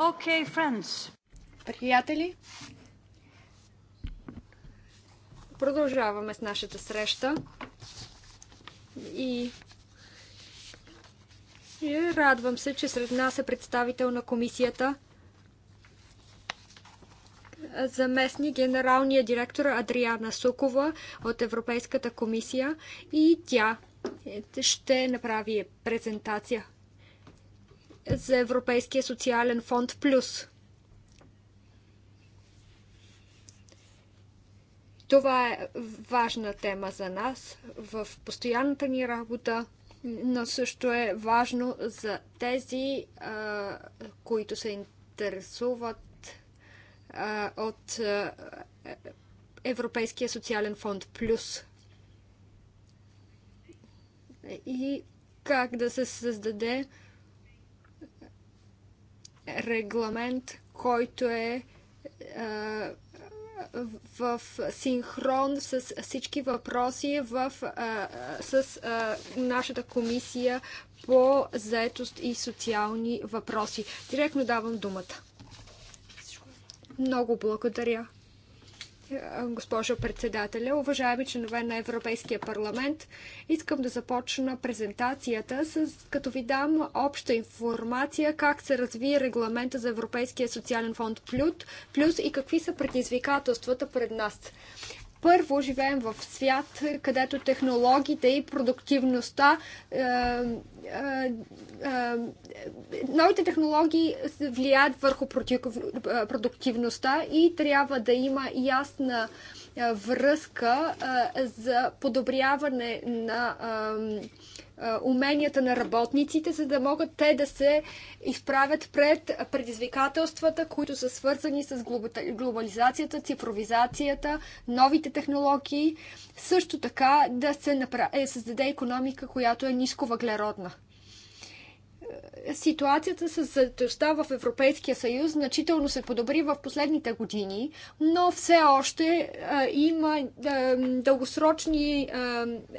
Okay, friends. Приятели, продължаваме с нашата среща и, и радвам се, че сред нас е представител на комисията заместник генералния директор Адриана Сукова от Европейската комисия и тя ще направи презентация за Европейския социален фонд Плюс. Това е важна тема за нас в постоянната ни работа, но също е важно за тези, които се интересуват от Европейския социален фонд Плюс. И как да се създаде регламент, който е в синхрон с всички въпроси в, а, с а, нашата комисия по заетост и социални въпроси. Директно давам думата. Много благодаря госпожо председателя, уважаеми членове на Европейския парламент. Искам да започна презентацията, с, като ви дам обща информация как се разви регламента за Европейския социален фонд плюс и какви са предизвикателствата пред нас. Първо, живеем в свят, където технологиите и продуктивността, е, е, е, новите технологии влияят върху е, продуктивността и трябва да има ясна е, връзка е, за подобряване на уменията на работниците, за да могат те да се изправят пред предизвикателствата, които са свързани с глобализацията, цифровизацията, новите технологии. Също така да се направи, е, създаде економика, която е нисковъглеродна ситуацията с заетостта в Европейския съюз значително се подобри в последните години, но все още а, е, има а, е, дългосрочни, а,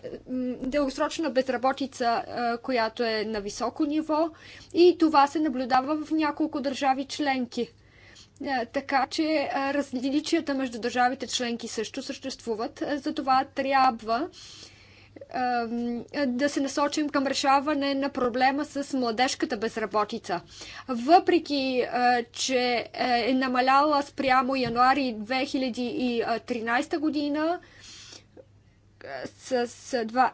е, дългосрочна безработица, а, която е на високо ниво и това се наблюдава в няколко държави членки. Така че различията между държавите членки също съществуват. Затова трябва да се насочим към решаване на проблема с младежката безработица. Въпреки, че е, е намаляла спрямо януари 2013 година с 2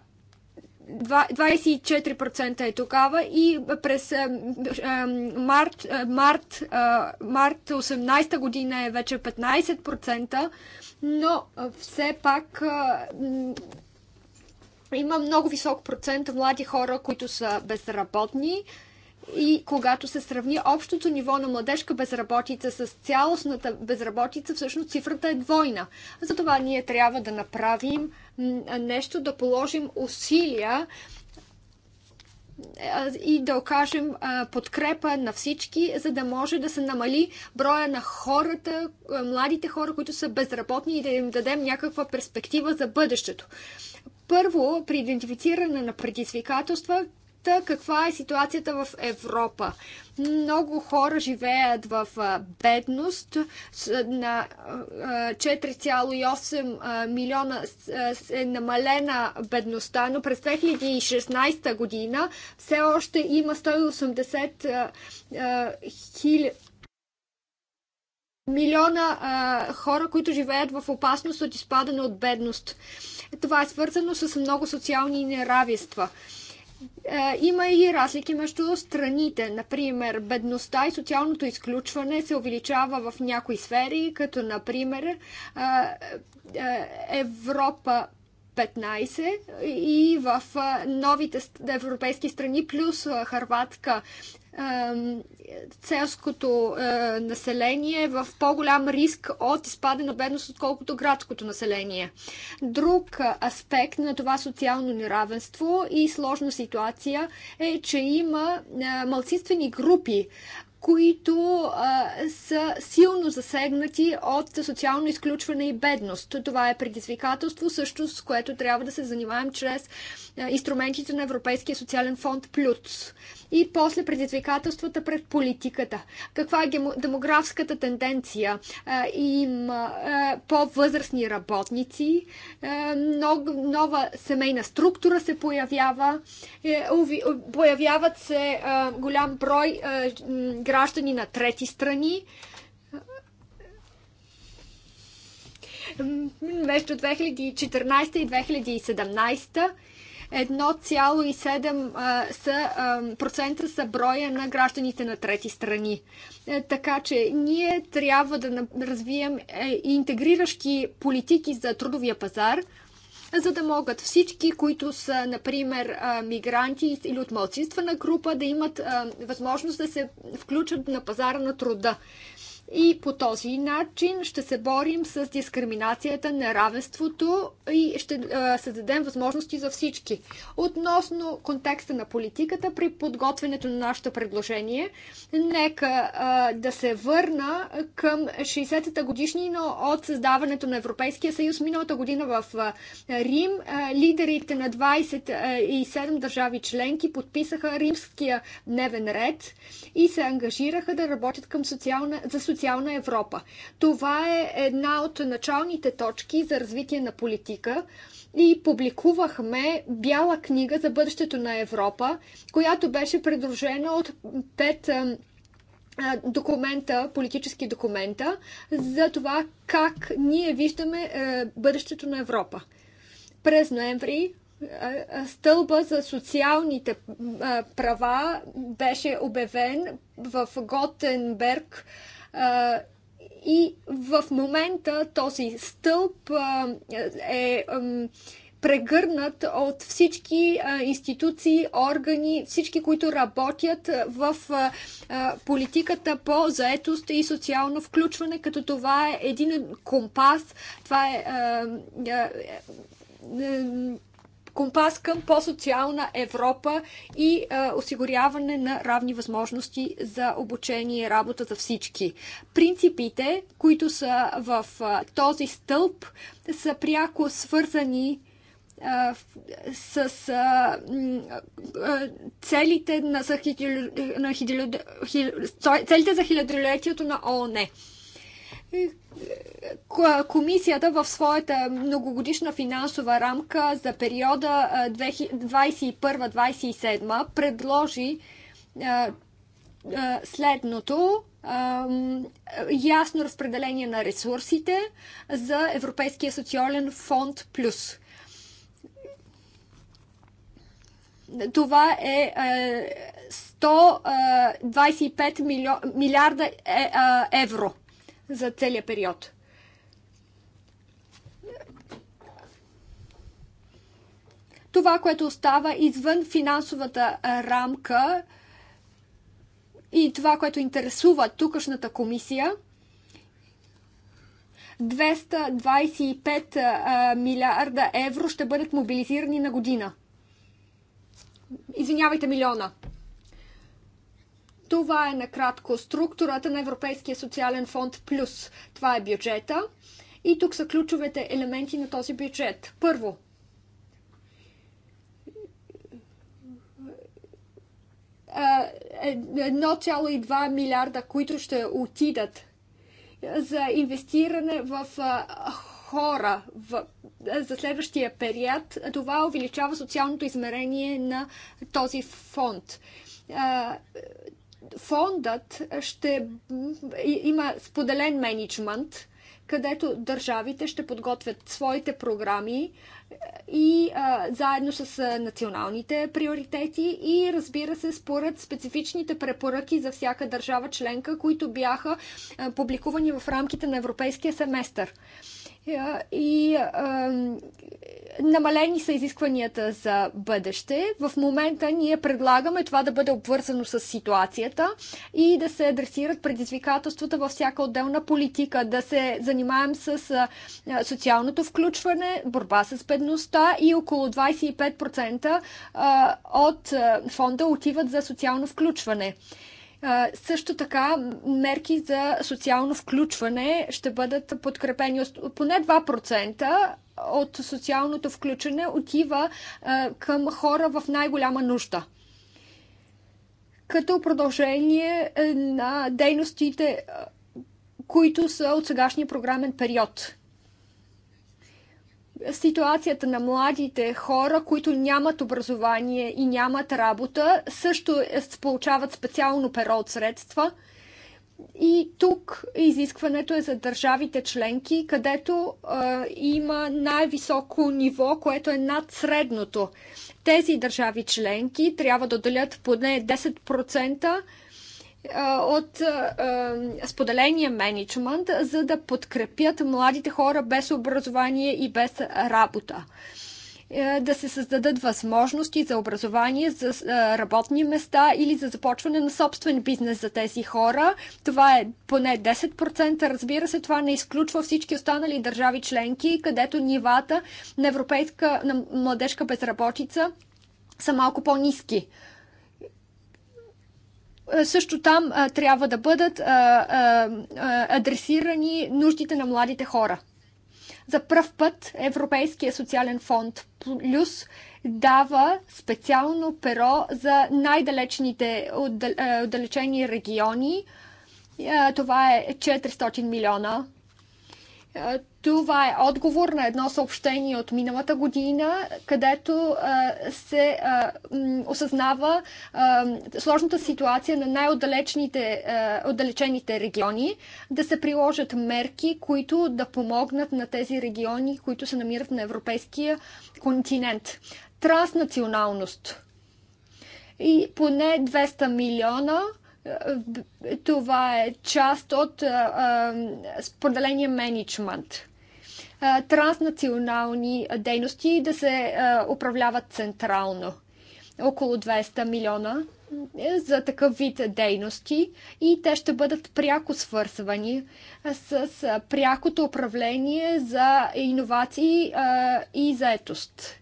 24% е тогава и през март, март, март 18 година е вече 15%, но все пак има много висок процент млади хора, които са безработни и когато се сравни общото ниво на младежка безработица с цялостната безработица, всъщност цифрата е двойна. Затова ние трябва да направим нещо, да положим усилия и да окажем подкрепа на всички, за да може да се намали броя на хората, младите хора, които са безработни и да им дадем някаква перспектива за бъдещето. Първо, при идентифициране на предизвикателства, каква е ситуацията в Европа. Много хора живеят в бедност. На 4,8 милиона е намалена бедността, но през 2016 година все още има 180 хиляди милиона а, хора, които живеят в опасност от изпадане от бедност. Това е свързано с много социални неравенства. има и разлики между страните. Например, бедността и социалното изключване се увеличава в някои сфери, като например Европа 15 и в новите европейски страни, плюс Харватска селското население в по-голям риск от изпадена бедност, отколкото градското население. Друг аспект на това социално неравенство и сложна ситуация е, че има малцинствени групи които а, са силно засегнати от социално изключване и бедност. Това е предизвикателство, също с което трябва да се занимаем чрез а, инструментите на Европейския социален фонд Плюс. И после предизвикателствата пред политиката. Каква е демографската тенденция? А, има а, по-възрастни работници, а, нов, нова семейна структура се появява, е, уви, появяват се а, голям брой а, граждани на трети страни. Между 2014 и 2017 1,7% са броя на гражданите на трети страни. Е, така че ние трябва да развием е, интегриращи политики за трудовия пазар – за да могат всички, които са, например, мигранти или от младсинствена група, да имат възможност да се включат на пазара на труда. И по този начин ще се борим с дискриминацията, неравенството и ще създадем възможности за всички. Относно контекста на политиката, при подготвянето на нашето предложение, нека да се върна към 60-та годишнина от създаването на Европейския съюз. Миналата година в Рим лидерите на 27 държави членки подписаха римския дневен ред и се ангажираха да работят към социална, за социална социална Европа. Това е една от началните точки за развитие на политика и публикувахме бяла книга за бъдещето на Европа, която беше предложена от пет документа, политически документа, за това как ние виждаме бъдещето на Европа. През ноември стълба за социалните права беше обявен в Готенберг и в момента този стълб е прегърнат от всички институции, органи, всички, които работят в политиката по заетост и социално включване, като това е един компас, това е, е компас към по-социална Европа и а, осигуряване на равни възможности за обучение и работа за всички. Принципите, които са в а, този стълб, са пряко свързани с целите, на, за на хидро, целите за хилядолетието на ООН. Е, комисията в своята многогодишна финансова рамка за периода 2021-2027 е, предложи е, следното ясно разпределение на ресурсите за Европейския социален фонд Плюс. Това е 125 милиарда евро за целия период. Това, което остава извън финансовата рамка и това, което интересува тукашната комисия – 225 милиарда евро ще бъдат мобилизирани на година. Извинявайте, милиона. Това е накратко структурата на Европейския социален фонд плюс. Това е бюджета. И тук са ключовете елементи на този бюджет. Първо, Uh, 1,2 е, милиарда, които ще отидат за инвестиране в uh, хора в, за следващия период, това увеличава социалното измерение на този фонд. Uh, фондът ще има споделен менеджмент, където държавите ще подготвят своите програми е, и а, заедно с а, националните приоритети и разбира се според специфичните препоръки за всяка държава членка, които бяха а, публикувани в рамките на европейския семестър. А, е, и намалени са изискванията за бъдеще. В момента ние предлагаме това да бъде обвързано с ситуацията и да се адресират предизвикателствата във всяка отделна политика, да се занимаем с социалното включване, борба с бедността и около 25% от фонда отиват за социално включване. Също така мерки за социално включване ще бъдат подкрепени. от Поне 2% от социалното включване отива към хора в най-голяма нужда като продължение е, на дейностите, които са от сегашния програмен период ситуацията на младите хора, които нямат образование и нямат работа, също е, получават специално перо от средства. И тук изискването е за държавите членки, където е, има най-високо ниво, което е над средното. Тези държави членки трябва да отделят поне 10% от споделения менеджмент, за да подкрепят младите хора без образование и без работа е, да се създадат възможности за образование, за работни места или за започване на собствен бизнес за тези хора. Това е поне 10%. Разбира се, това не изключва всички останали държави членки, където нивата на европейска на младежка безработица са малко по-низки е, също там а, е, трябва да бъдат а, е, а, адресирани нуждите на младите хора. За първ път Европейския социален фонд Плюс дава специално перо за най-далечните отдалечени региони. Това е 400 милиона това е отговор на едно съобщение от миналата година, където се осъзнава сложната ситуация на най-отдалечените региони, да се приложат мерки, които да помогнат на тези региони, които се намират на европейския континент. Транснационалност. И поне 200 милиона – това е част от споделения менеджмент. Транснационални дейности да се управляват централно. Около 200 милиона е, за такъв вид дейности и те ще бъдат пряко свързвани с прякото управление за иновации и заетост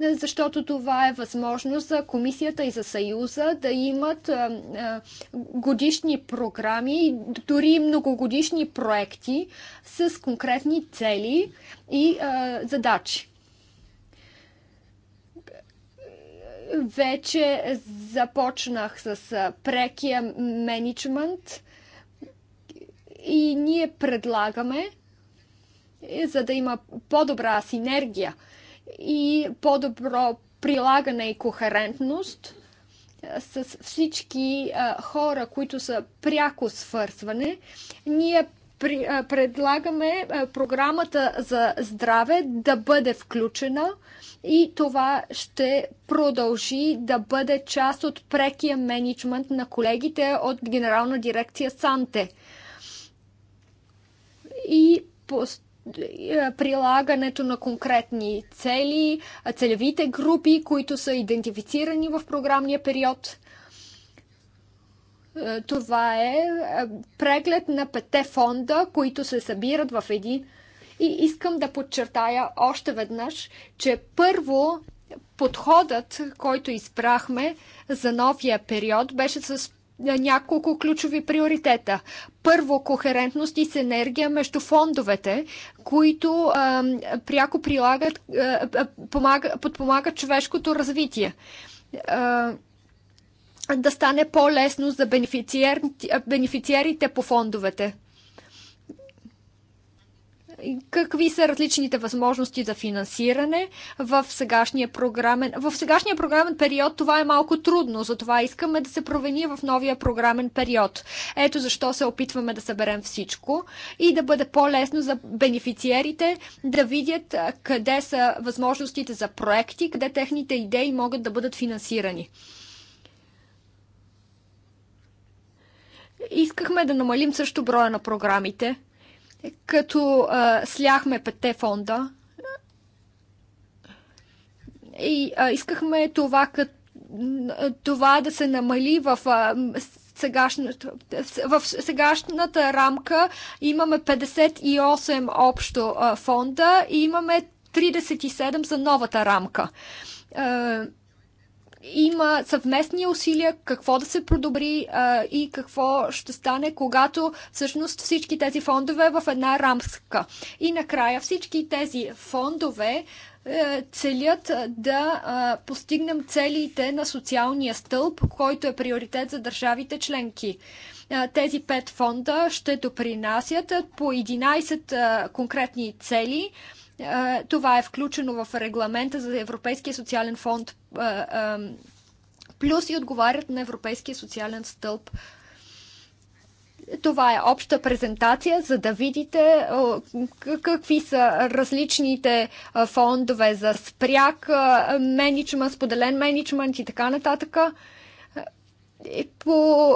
защото това е възможност за комисията и за съюза да имат годишни програми, дори многогодишни проекти с конкретни цели и задачи. Вече започнах с прекия менеджмент и ние предлагаме, за да има по-добра синергия – и по-добро прилагане и кохерентност с всички хора, които са пряко свързване. Ние предлагаме програмата за здраве да бъде включена и това ще продължи да бъде част от прекия менеджмент на колегите от Генерална дирекция Санте. И е, прилагането на конкретни цели, целевите групи, които са идентифицирани в програмния период. Е, това е, е преглед на пете фонда, които се събират в един. И искам да подчертая още веднъж, че първо подходът, който избрахме за новия период, беше с няколко ключови приоритета. Първо, кохерентност и синергия между фондовете, които а, пряко прилагат, а, помага, подпомагат човешкото развитие. А, да стане по-лесно за бенефициерите по фондовете. Какви са различните възможности за финансиране в сегашния програмен, в сегашния програмен период? Това е малко трудно, затова искаме да се провени в новия програмен период. Ето защо се опитваме да съберем всичко и да бъде по-лесно за бенефициерите да видят къде са възможностите за проекти, къде техните идеи могат да бъдат финансирани. Искахме да намалим също броя на програмите – като а, сляхме петте фонда и а, искахме това, кът, това да се намали в а, сегашната, в сегашната рамка имаме 58 общо а, фонда и имаме 37 за новата рамка. А, има съвместни усилия какво да се продобри а, и какво ще стане, когато всъщност всички тези фондове в една рамска. И накрая всички тези фондове е, целят да постигнем целите на социалния стълб, който е приоритет за държавите членки. Тези пет фонда ще допринасят по 11 конкретни цели – е, това е включено в регламента за Европейския социален фонд е, е, плюс и отговарят на Европейския социален стълб. Това е обща презентация, за да видите какви са различните фондове за спряк, менеджмент, споделен менеджмент и така нататък по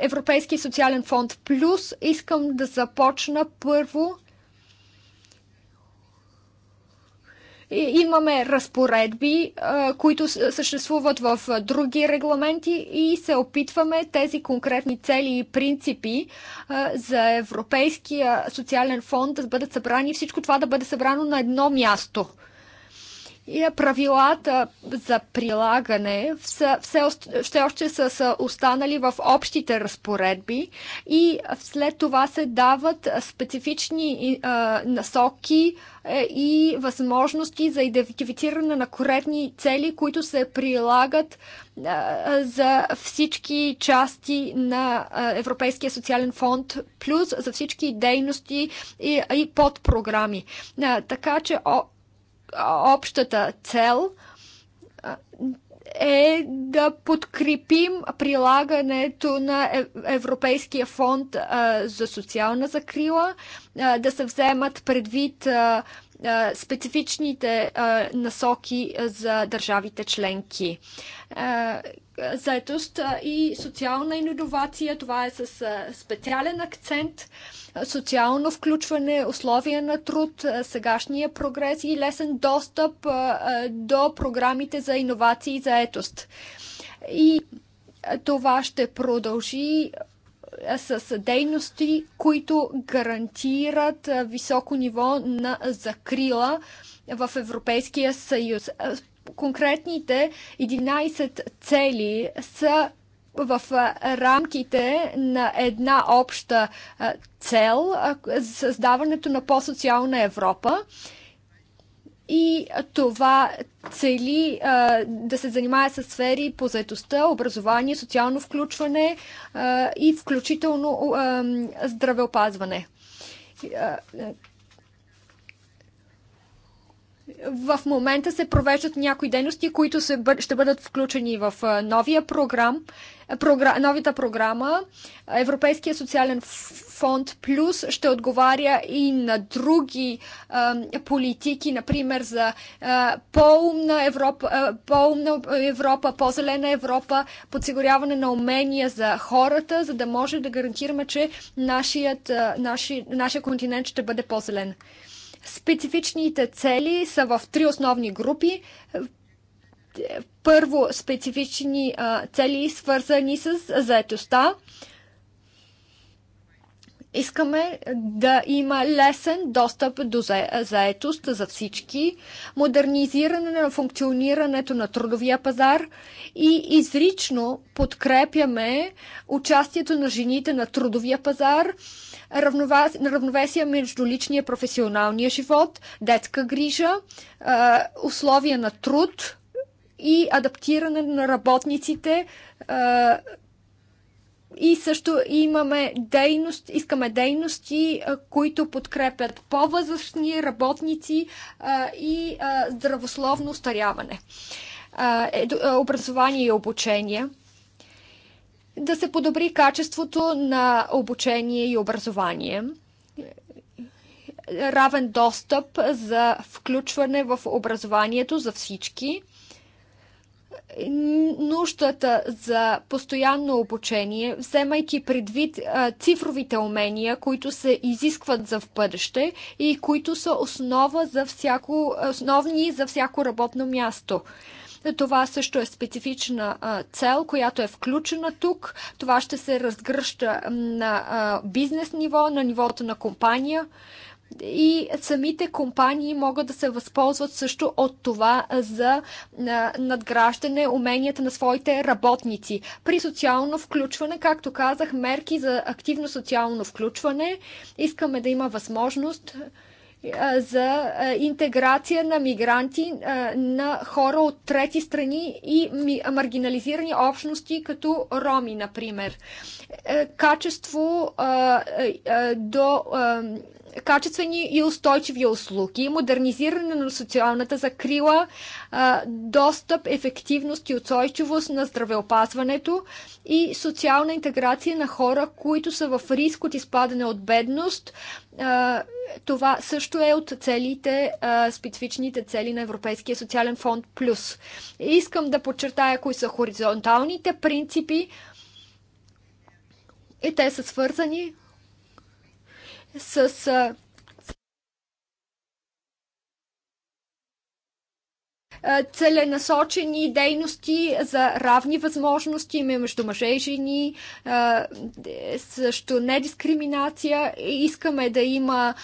Европейския социален фонд Плюс искам да започна първо Имаме разпоредби, които съществуват в други регламенти и се опитваме тези конкретни цели и принципи за Европейския социален фонд да бъдат събрани и всичко това да бъде събрано на едно място – и е правилата за прилагане все, все още са, са останали в общите разпоредби и след това се дават специфични а, насоки е, и възможности за идентифициране на коректни цели, които се прилагат а, за всички части на Европейския социален фонд, плюс за всички дейности и, и подпрограми. А, така че общата цел е да подкрепим прилагането на е, Европейския фонд за социална закрила, да се вземат предвид специфичните насоки за държавите членки. Заетост и социална иновация, това е с специален акцент социално включване, условия на труд, сегашния прогрес и лесен достъп до програмите за иновации и заетост. И това ще продължи с дейности, които гарантират високо ниво на закрила в Европейския съюз. Конкретните 11 цели са в рамките на една обща цел създаването на по-социална Европа и това цели а, да се занимае с сфери по заетостта, образование, социално включване а, и включително а, здравеопазване в момента се провеждат някои дейности, които се, ще бъдат включени в новия програм, програ, новата програма. Европейския социален фонд Плюс ще отговаря и на други а, политики, например за по-умна Европа, по-умна Европа, по-зелена Европа, подсигуряване на умения за хората, за да може да гарантираме, че нашият, наши, нашия континент ще бъде по-зелен. Специфичните цели са в три основни групи. Първо, специфични цели, свързани с заетостта. Искаме да има лесен достъп до заетост за всички, модернизиране на функционирането на трудовия пазар и изрично подкрепяме участието на жените на трудовия пазар равновесие между личния и професионалния живот, детска грижа, условия на труд и адаптиране на работниците и също имаме дейност, искаме дейности, които подкрепят по-възрастни работници и здравословно старяване. Образование и обучение – да се подобри качеството на обучение и образование, равен достъп за включване в образованието за всички, нуждата за постоянно обучение, вземайки предвид цифровите умения, които се изискват за в бъдеще и които са основа за всяко, основни за всяко работно място. Това също е специфична цел, която е включена тук. Това ще се разгръща на бизнес ниво, на нивото на компания и самите компании могат да се възползват също от това за надграждане уменията на своите работници. При социално включване, както казах, мерки за активно социално включване, искаме да има възможност за интеграция на мигранти, на хора от трети страни и маргинализирани общности, като роми, например. Е, качество е, е, до качествени и устойчиви услуги, модернизиране на социалната закрила, достъп, ефективност и устойчивост на здравеопазването и социална интеграция на хора, които са в риск от изпадане от бедност. Това също е от целите, специфичните цели на Европейския социален фонд Плюс. Искам да подчертая кои са хоризонталните принципи, и те са свързани с целенасочени дейности за равни възможности между мъже и жени, също недискриминация. Искаме да има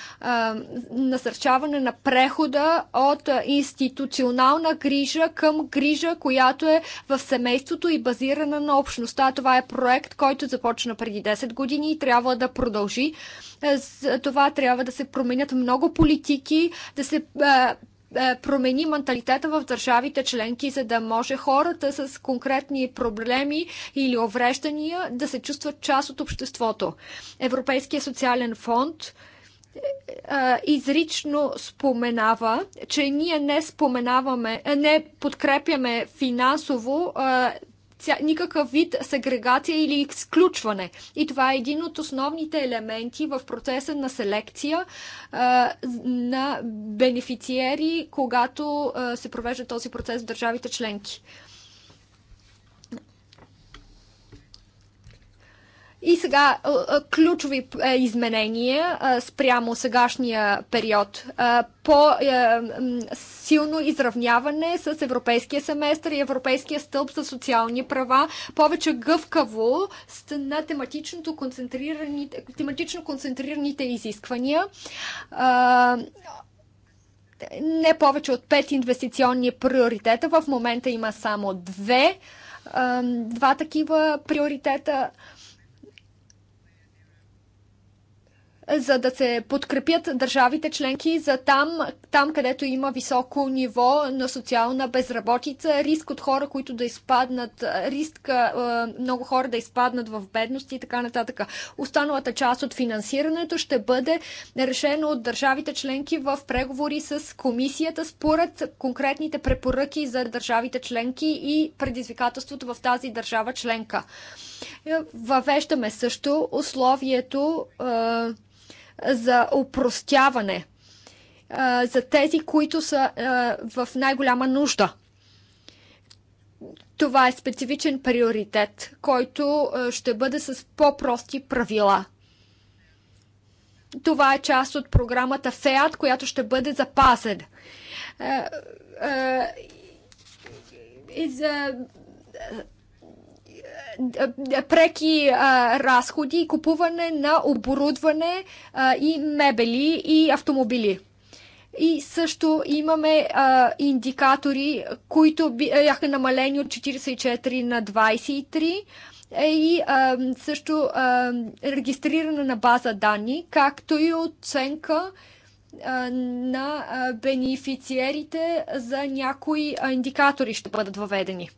насърчаване на прехода от институционална грижа към грижа, която е в семейството и базирана на общността. Това е проект, който започна преди 10 години и трябва да продължи. За това трябва да се променят много политики, да се е, промени менталитета в държавите членки, за да може хората с конкретни проблеми или увреждания да се чувстват част от обществото. Европейския социален фонд е, е, изрично споменава, че ние не споменаваме, не подкрепяме финансово никакъв вид сегрегация или изключване. И това е един от основните елементи в процеса на селекция на бенефициери, когато се провежда този процес в държавите членки. И сега ключови изменения спрямо сегашния период по силно изравняване с Европейския семестър и Европейския стълб за социални права, повече гъвкаво на концентрираните, тематично концентрираните изисквания не повече от пет инвестиционни приоритета. В момента има само две. Два такива приоритета. за да се подкрепят държавите членки за там, там където има високо ниво на социална безработица, риск от хора, които да изпаднат, риск много хора да изпаднат в бедност и така нататък. Останалата част от финансирането ще бъде решено от държавите членки в преговори с комисията според конкретните препоръки за държавите членки и предизвикателството в тази държава членка. Въвеждаме също условието за упростяване за тези, които са в най-голяма нужда. Това е специфичен приоритет, който ще бъде с по-прости правила. Това е част от програмата ФЕАТ, която ще бъде запазен. И за преки а, разходи, купуване на оборудване а, и мебели и автомобили. И също имаме а, индикатори, които бяха намалени от 44 на 23 е, и а, също а, регистриране на база данни, както и оценка а, на бенефициерите за някои индикатори ще бъдат въведени.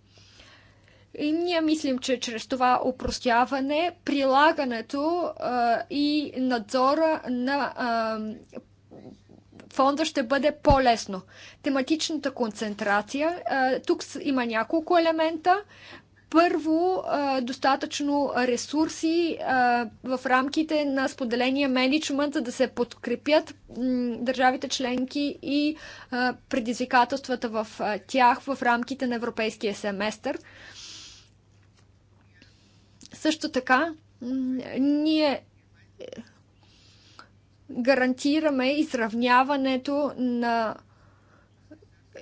И ние мислим, че чрез това упростяване, прилагането а, и надзора на а, фонда ще бъде по-лесно. Тематичната концентрация. А, тук има няколко елемента. Първо, достатъчно ресурси в рамките на споделения менеджмент, за да се подкрепят държавите членки и предизвикателствата в тях в рамките на европейския семестър. Също така, ние е, гарантираме изравняването на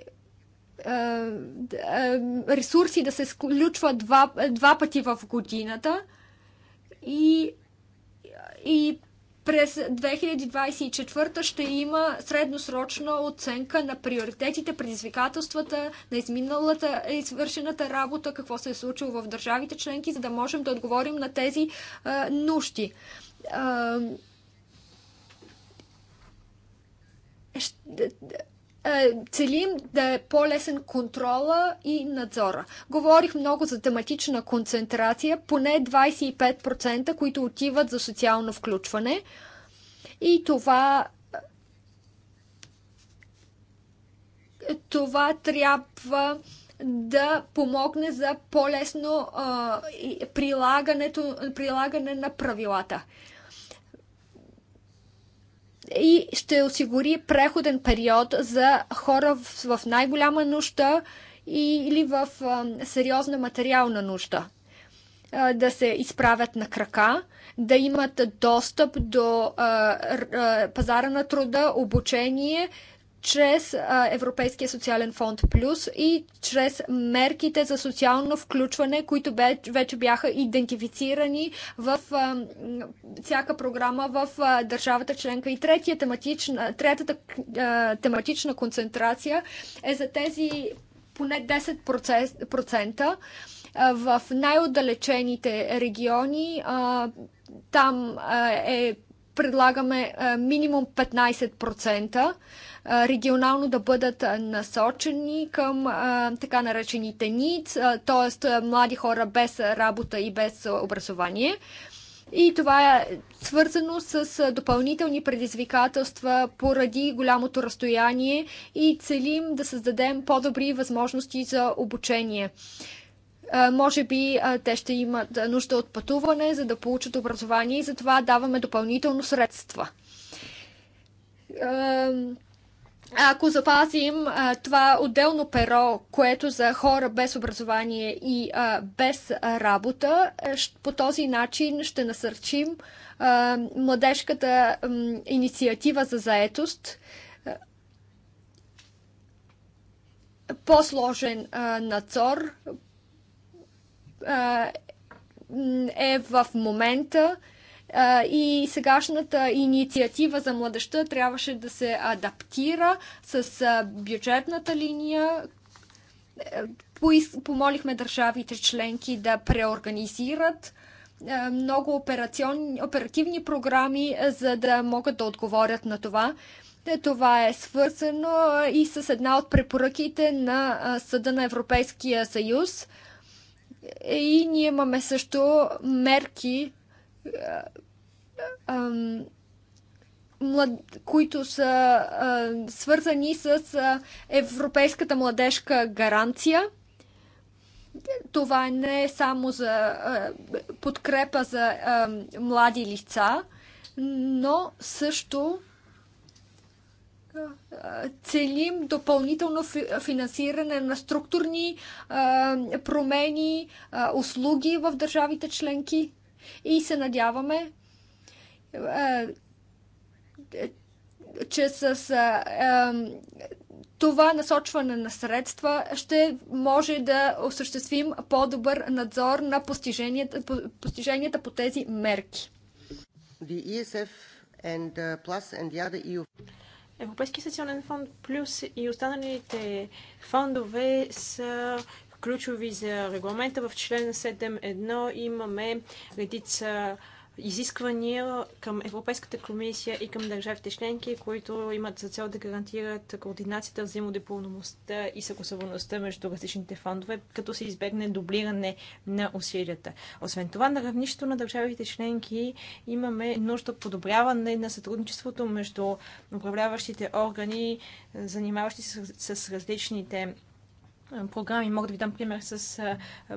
е, е, ресурси да се сключват два, два пъти в годината и, и през 2024 ще има средносрочна оценка на приоритетите, предизвикателствата, на изминалата извършената работа, какво се е случило в държавите членки, за да можем да отговорим на тези а, нужди. А, ще, е, целим да е по-лесен контрола и надзора. Говорих много за тематична концентрация, поне 25%, които отиват за социално включване. И това е, това трябва да помогне за по-лесно прилагане на правилата и ще осигури преходен период за хора в, в най-голяма нужда и, или в а, сериозна материална нужда. А, да се изправят на крака, да имат достъп до а, а, пазара на труда, обучение чрез Европейския социален фонд Плюс и чрез мерките за социално включване, които вече бяха идентифицирани в всяка програма в държавата членка. И третия тематична, третата тематична концентрация е за тези поне 10% в най-отдалечените региони. Там е предлагаме минимум 15% регионално да бъдат насочени към така наречените ниц, т.е. млади хора без работа и без образование. И това е свързано с допълнителни предизвикателства поради голямото разстояние и целим да създадем по-добри възможности за обучение. Може би те ще имат нужда от пътуване, за да получат образование и затова даваме допълнително средства ако запазим а, това отделно перо, което за хора без образование и а, без работа, по този начин ще насърчим а, младежката а, инициатива за заетост. По-сложен надзор а, е в момента. А, и сегашната инициатива за младеща трябваше да се адаптира с бюджетната линия. Е, помолихме държавите членки да преорганизират е, много оперативни програми, е, за да могат да отговорят на това. Това е свързано и с една от препоръките на Съда на Европейския съюз. И ние имаме също мерки млад... които са а, свързани с а, Европейската младежка гаранция. Това не е само за а, подкрепа за а, млади лица, но също целим допълнително финансиране на структурни промени, услуги в държавите членки и се надяваме, че с това насочване на средства ще може да осъществим по-добър надзор на постиженията, постиженията по тези мерки. E uh, e Европейски социален фонд плюс и останалите фондове са ключови за регламента. В член 7.1 имаме редица изисквания към Европейската комисия и към държавите членки, които имат за цел да гарантират координацията, взаимодепълномостта и съгласуваността между различните фондове, като се избегне дублиране на усилията. Освен това, на равнището на държавите членки имаме нужда подобряване на сътрудничеството между управляващите органи, занимаващи се с различните е, програми. Мога да ви дам пример с е, е,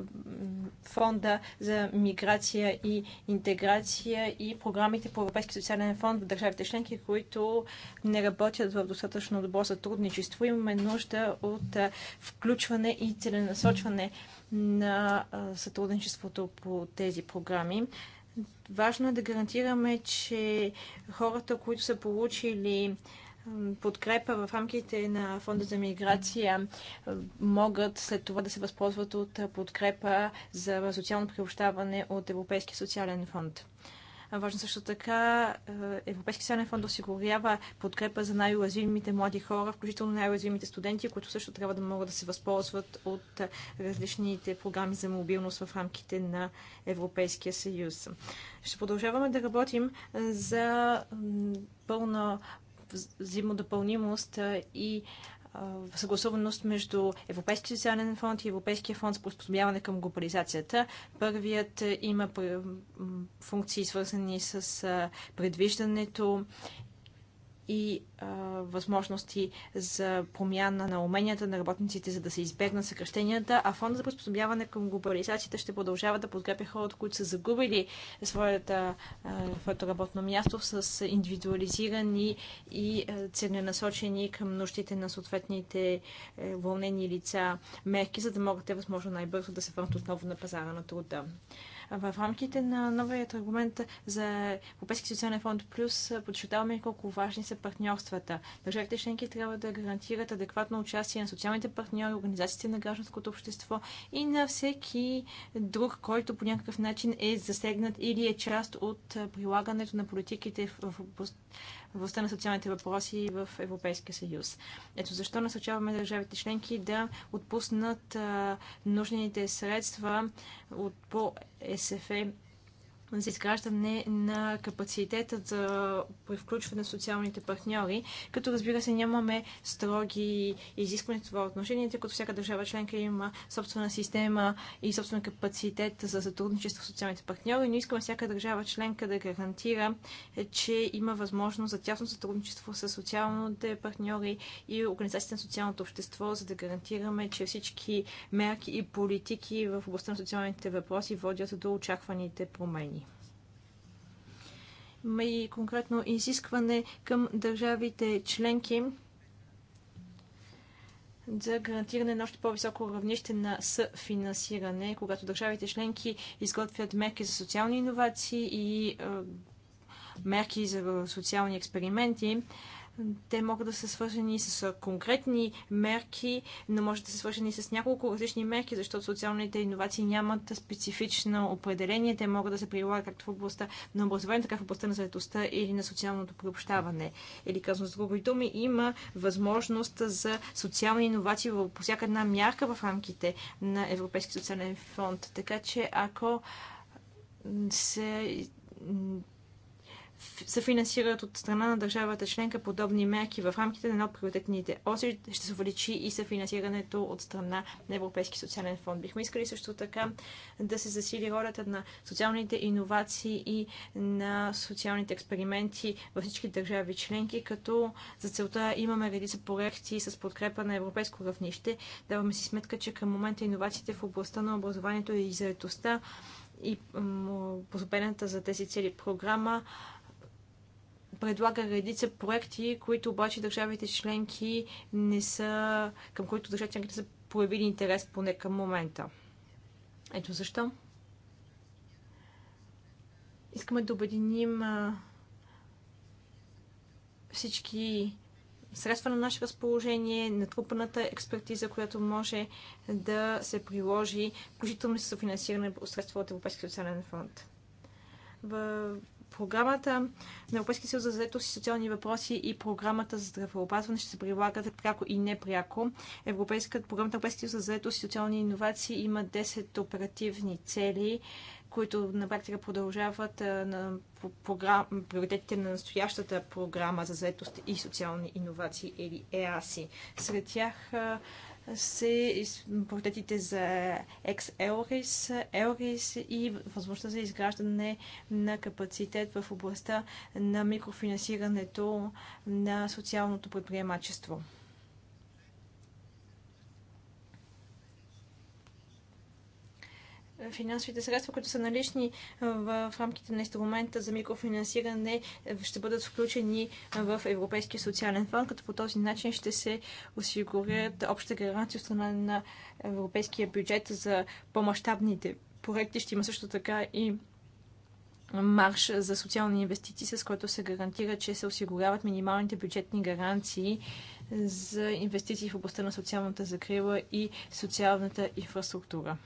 фонда за миграция и интеграция и програмите по Европейски социален фонд в държавите членки, които не работят в достатъчно добро сътрудничество. Имаме нужда от включване и целенасочване на сътрудничеството по тези програми. Важно е да гарантираме, че хората, които са получили подкрепа в рамките на Фонда за миграция могат след това да се възползват от подкрепа за социално приобщаване от Европейския социален фонд. Важно също така Европейския социален фонд осигурява подкрепа за най-уязвимите млади хора, включително най-уязвимите студенти, които също трябва да могат да се възползват от различните програми за мобилност в рамките на Европейския съюз. Ще продължаваме да работим за пълна взаимодопълнимост и съгласуваност между Европейския социален фонд и Европейския фонд за приспособяване към глобализацията. Първият има функции свързани с предвиждането и а, възможности за промяна на уменията на работниците, за да се избегнат съкръщенията, а фонда за приспособяване към глобализацията ще продължава да подкрепя хората, които са загубили своята, а, своето работно място с индивидуализирани и целенасочени към нуждите на съответните е, вълнени лица мерки, за да могат те възможно най-бързо да се върнат отново на пазара на труда в рамките на новият аргумент за Европейски социален фонд Плюс подчертаваме колко важни са са партньорствата. Държавите членки трябва да гарантират адекватно участие на социалните партньори, организациите на гражданското общество и на всеки друг, който по някакъв начин е засегнат или е част от прилагането на политиките в областта на социалните въпроси в Европейския съюз. Ето защо насърчаваме държавите членки да отпуснат нужните средства от по СФЕ за изграждане на капацитета за превключване на социалните партньори, като разбира се нямаме строги изисквания в това отношение, тъй като всяка държава членка има собствена система и собствен капацитет за сътрудничество с социалните партньори, но искаме всяка държава членка да гарантира, че има възможност за тясно сътрудничество с социалните партньори и организациите на социалното общество, за да гарантираме, че всички мерки и политики в областта на социалните въпроси водят до очакваните промени. Има и конкретно изискване към държавите членки за гарантиране на още по-високо равнище на съфинансиране, когато държавите членки изготвят мерки за социални иновации и е, мерки за социални експерименти, те могат да са свързани с конкретни мерки, но може да са свързани с няколко различни мерки, защото социалните иновации нямат специфично определение. Те могат да се прилагат както в областта на образованието, така в областта на заедостта или на социалното приобщаване. Или казано с други думи, има възможност за социални иновации по всяка една мярка в рамките на Европейски социален фонд. Така че ако се се финансират от страна на държавата членка подобни мерки в рамките на едно от приоритетните оси, ще се увеличи и съфинансирането от страна на Европейски социален фонд. Бихме искали също така да се засили ролята на социалните иновации и на социалните експерименти във всички държави членки, като за целта имаме редица проекти с подкрепа на европейско равнище. Даваме си сметка, че към момента иновациите в областта на образованието и заедостта и посопената за тези цели програма предлага редица проекти, които обаче държавите членки не са, към които държавите членки не са проявили интерес поне към момента. Ето защо. Искаме да обединим всички средства на наше разположение, натрупаната експертиза, която може да се приложи, включително с финансиране от средства от Европейския социален фонд. В програмата на Европейския съюз за заетост и социални въпроси и програмата за здравеопазване ще се прилагат пряко и непряко. Европейската програма на Европейския съюз за заетост и социални иновации има 10 оперативни цели, които на практика продължават на програм... приоритетите на настоящата програма за заетост и социални иновации или ЕАСИ. Сред тях се приоритетите за екс-Елрис, Елрис и възможността за изграждане на капацитет в областта на микрофинансирането на социалното предприемачество. финансовите средства, които са налични в рамките на инструмента за микрофинансиране, е, ще бъдат включени в Европейския социален фонд, като по този начин ще се осигурят обща гаранция от страна на европейския бюджет за по-масштабните проекти. Ще има също така и марш за социални инвестиции, с който се гарантира, че се осигуряват минималните бюджетни гаранции за инвестиции в областта на социалната закрила и социалната инфраструктура.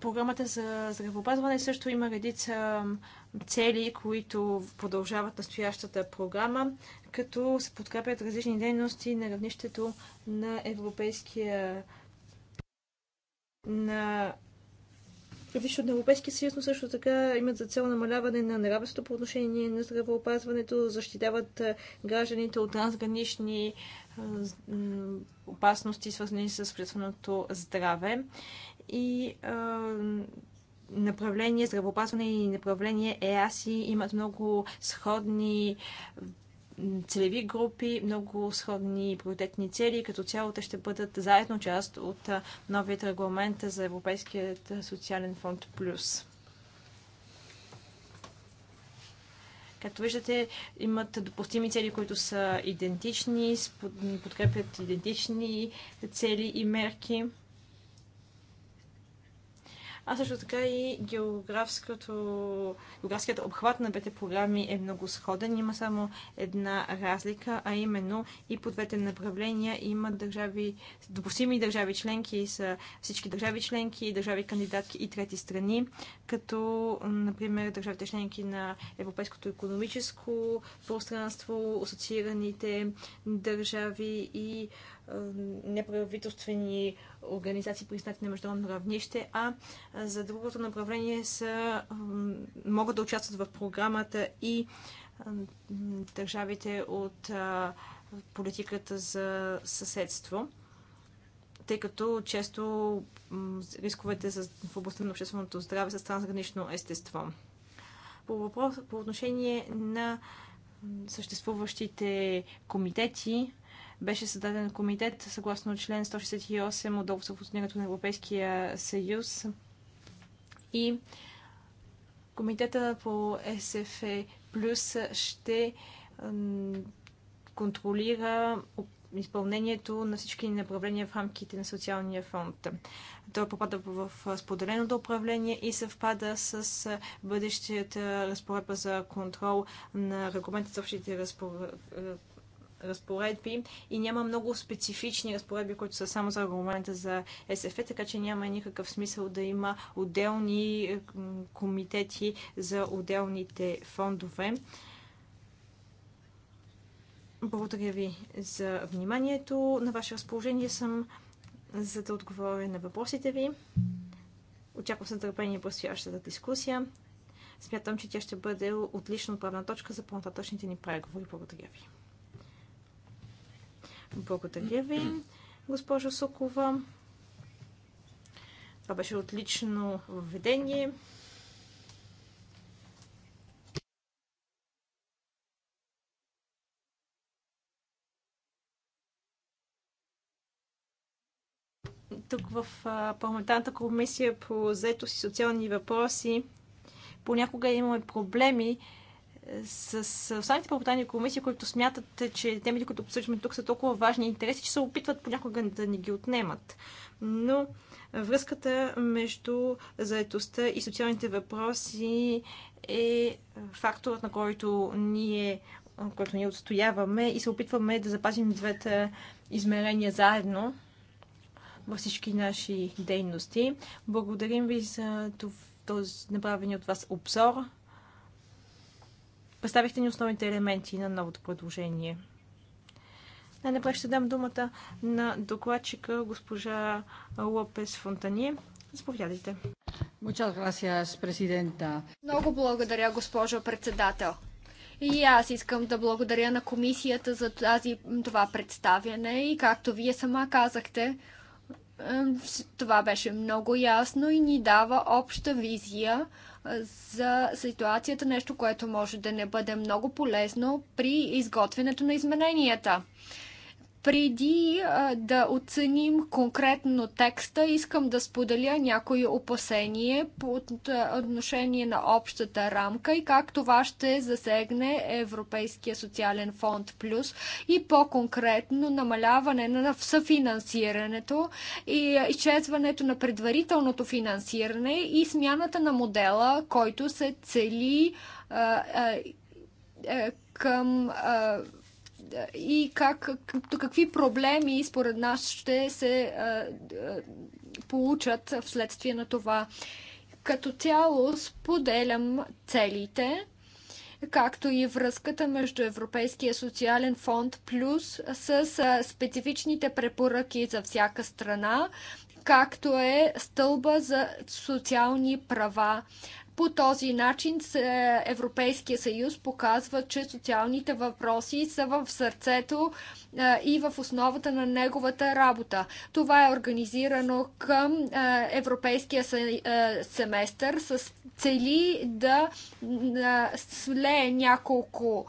Програмата за здравеопазване също има редица цели, които продължават настоящата програма, като се подкрепят различни дейности на равнището на Европейския на равнище на Европейския съюз, но също така имат за цел намаляване на неравенството по отношение на здравеопазването, защитават гражданите от трансгранични опасности, свързани с общественото здраве. И направление здравеопазване и направление ЕАСИ имат много сходни целеви групи, много сходни и приоритетни цели. Като цяло те ще бъдат заедно част от новият регламент за Европейският социален фонд Плюс. Както виждате, имат допустими цели, които са идентични, подкрепят идентични цели и мерки а също така и географското, географският обхват на двете програми е много сходен. Има само една разлика, а именно и по двете направления има държави, допустими държави членки са всички държави членки, държави кандидатки и трети страни, като, например, държавите членки на Европейското економическо пространство, асоциираните държави и неправителствени организации, признати на международно равнище, а за другото направление са, могат да участват в програмата и държавите от политиката за съседство тъй като често рисковете в областта на общественото здраве са с трансгранично естество. По, въпрос, по отношение на съществуващите комитети, беше създаден комитет съгласно член 168 от Договор за функционирането на Европейския съюз и комитета по СФ Плюс ще контролира изпълнението на всички направления в рамките на социалния фонд. Той попада в споделеното управление и съвпада с бъдещата разпоредба за контрол на регламента за общите разпоредби разпоредби и няма много специфични разпоредби, които са само за аргумента за СФ, така че няма никакъв смисъл да има отделни е, комитети за отделните фондове. Благодаря ви за вниманието. На ваше разположение съм за да отговоря на въпросите ви. Очаквам с нетърпение предстоящата дискусия. Смятам, че тя ще бъде отлична отправна точка за по-нататъчните ни преговори. Благодаря ви. Благодаря ви, госпожо Сокова. Това беше отлично введение. тук в парламентарната комисия по заето си социални въпроси понякога имаме проблеми с останалите правопитани комисии, които смятат, че темите, които обсъждаме тук, са толкова важни и интереси, че се опитват понякога да ни ги отнемат. Но връзката между заедостта и социалните въпроси е факторът, на който ние, който ние отстояваме и се опитваме да запазим двете измерения заедно във всички наши дейности. Благодарим ви за този направени от вас обзор представихте ни основните елементи на новото предложение. Най-напред ще дам думата на докладчика госпожа Лопес Фонтани. Заповядайте. Много благодаря, госпожо председател. И аз искам да благодаря на комисията за тази, това представяне и както вие сама казахте, това беше много ясно и ни дава обща визия за ситуацията, нещо, което може да не бъде много полезно при изготвянето на измененията. Преди а, да оценим конкретно текста, искам да споделя някои опасения по отношение на общата рамка и как това ще засегне Европейския социален фонд плюс и по-конкретно намаляване на съфинансирането и изчезването на предварителното финансиране и смяната на модела, който се цели а, а, е, към а, и как, какви проблеми според нас ще се получат вследствие на това. Като цяло споделям целите, както и връзката между Европейския социален фонд плюс с специфичните препоръки за всяка страна, както е стълба за социални права. По този начин е, Европейския съюз показва, че социалните въпроси са в сърцето е, и в основата на неговата работа. Това е организирано към е, Европейския семестър с цели да слее няколко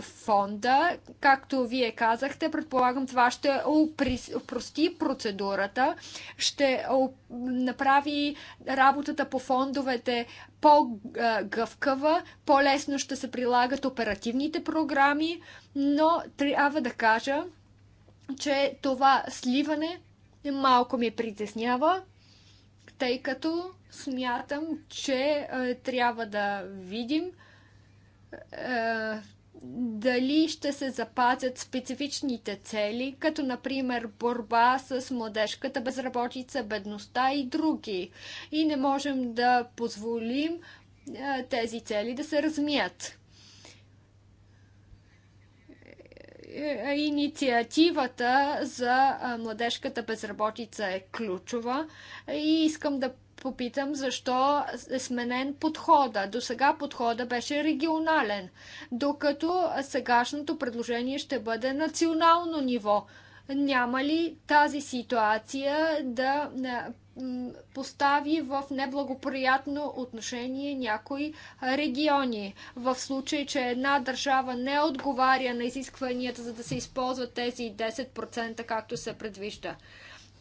фонда. Както вие казахте, предполагам това ще упрости процедурата, ще направи работата по фондовете по-гъвкава, по-лесно ще се прилагат оперативните програми, но трябва да кажа, че това сливане малко ми притеснява, тъй като смятам, че е, трябва да видим е, дали ще се запазят специфичните цели, като например борба с младежката безработица, бедността и други. И не можем да позволим тези цели да се размият. Е, е, инициативата за младежката безработица е ключова и искам да попитам защо е сменен подхода. До сега подхода беше регионален, докато сегашното предложение ще бъде национално ниво. Няма ли тази ситуация да постави в неблагоприятно отношение някои региони. В случай, че една държава не отговаря на изискванията, за да се използват тези 10%, както се предвижда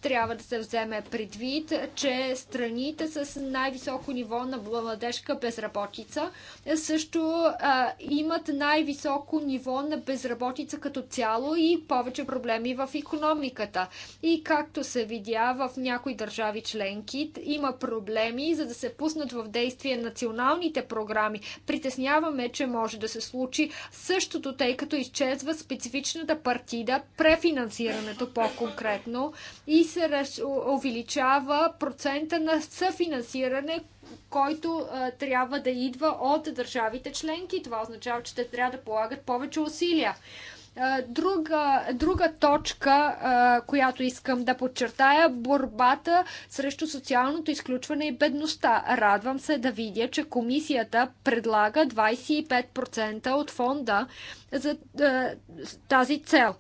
трябва да се вземе предвид, че страните с най-високо ниво на младежка безработица също а, имат най-високо ниво на безработица като цяло и повече проблеми в економиката. И както се видя в някои държави членки, има проблеми за да се пуснат в действие националните програми. Притесняваме, че може да се случи същото, тъй като изчезва специфичната партида, префинансирането по-конкретно и се раз, увеличава процента на съфинансиране, който а, трябва да идва от държавите членки. Това означава, че те трябва да полагат повече усилия. Друга, друга точка, която искам да подчертая, борбата срещу социалното изключване и бедността. Радвам се да видя, че комисията предлага 25% от фонда за тази цел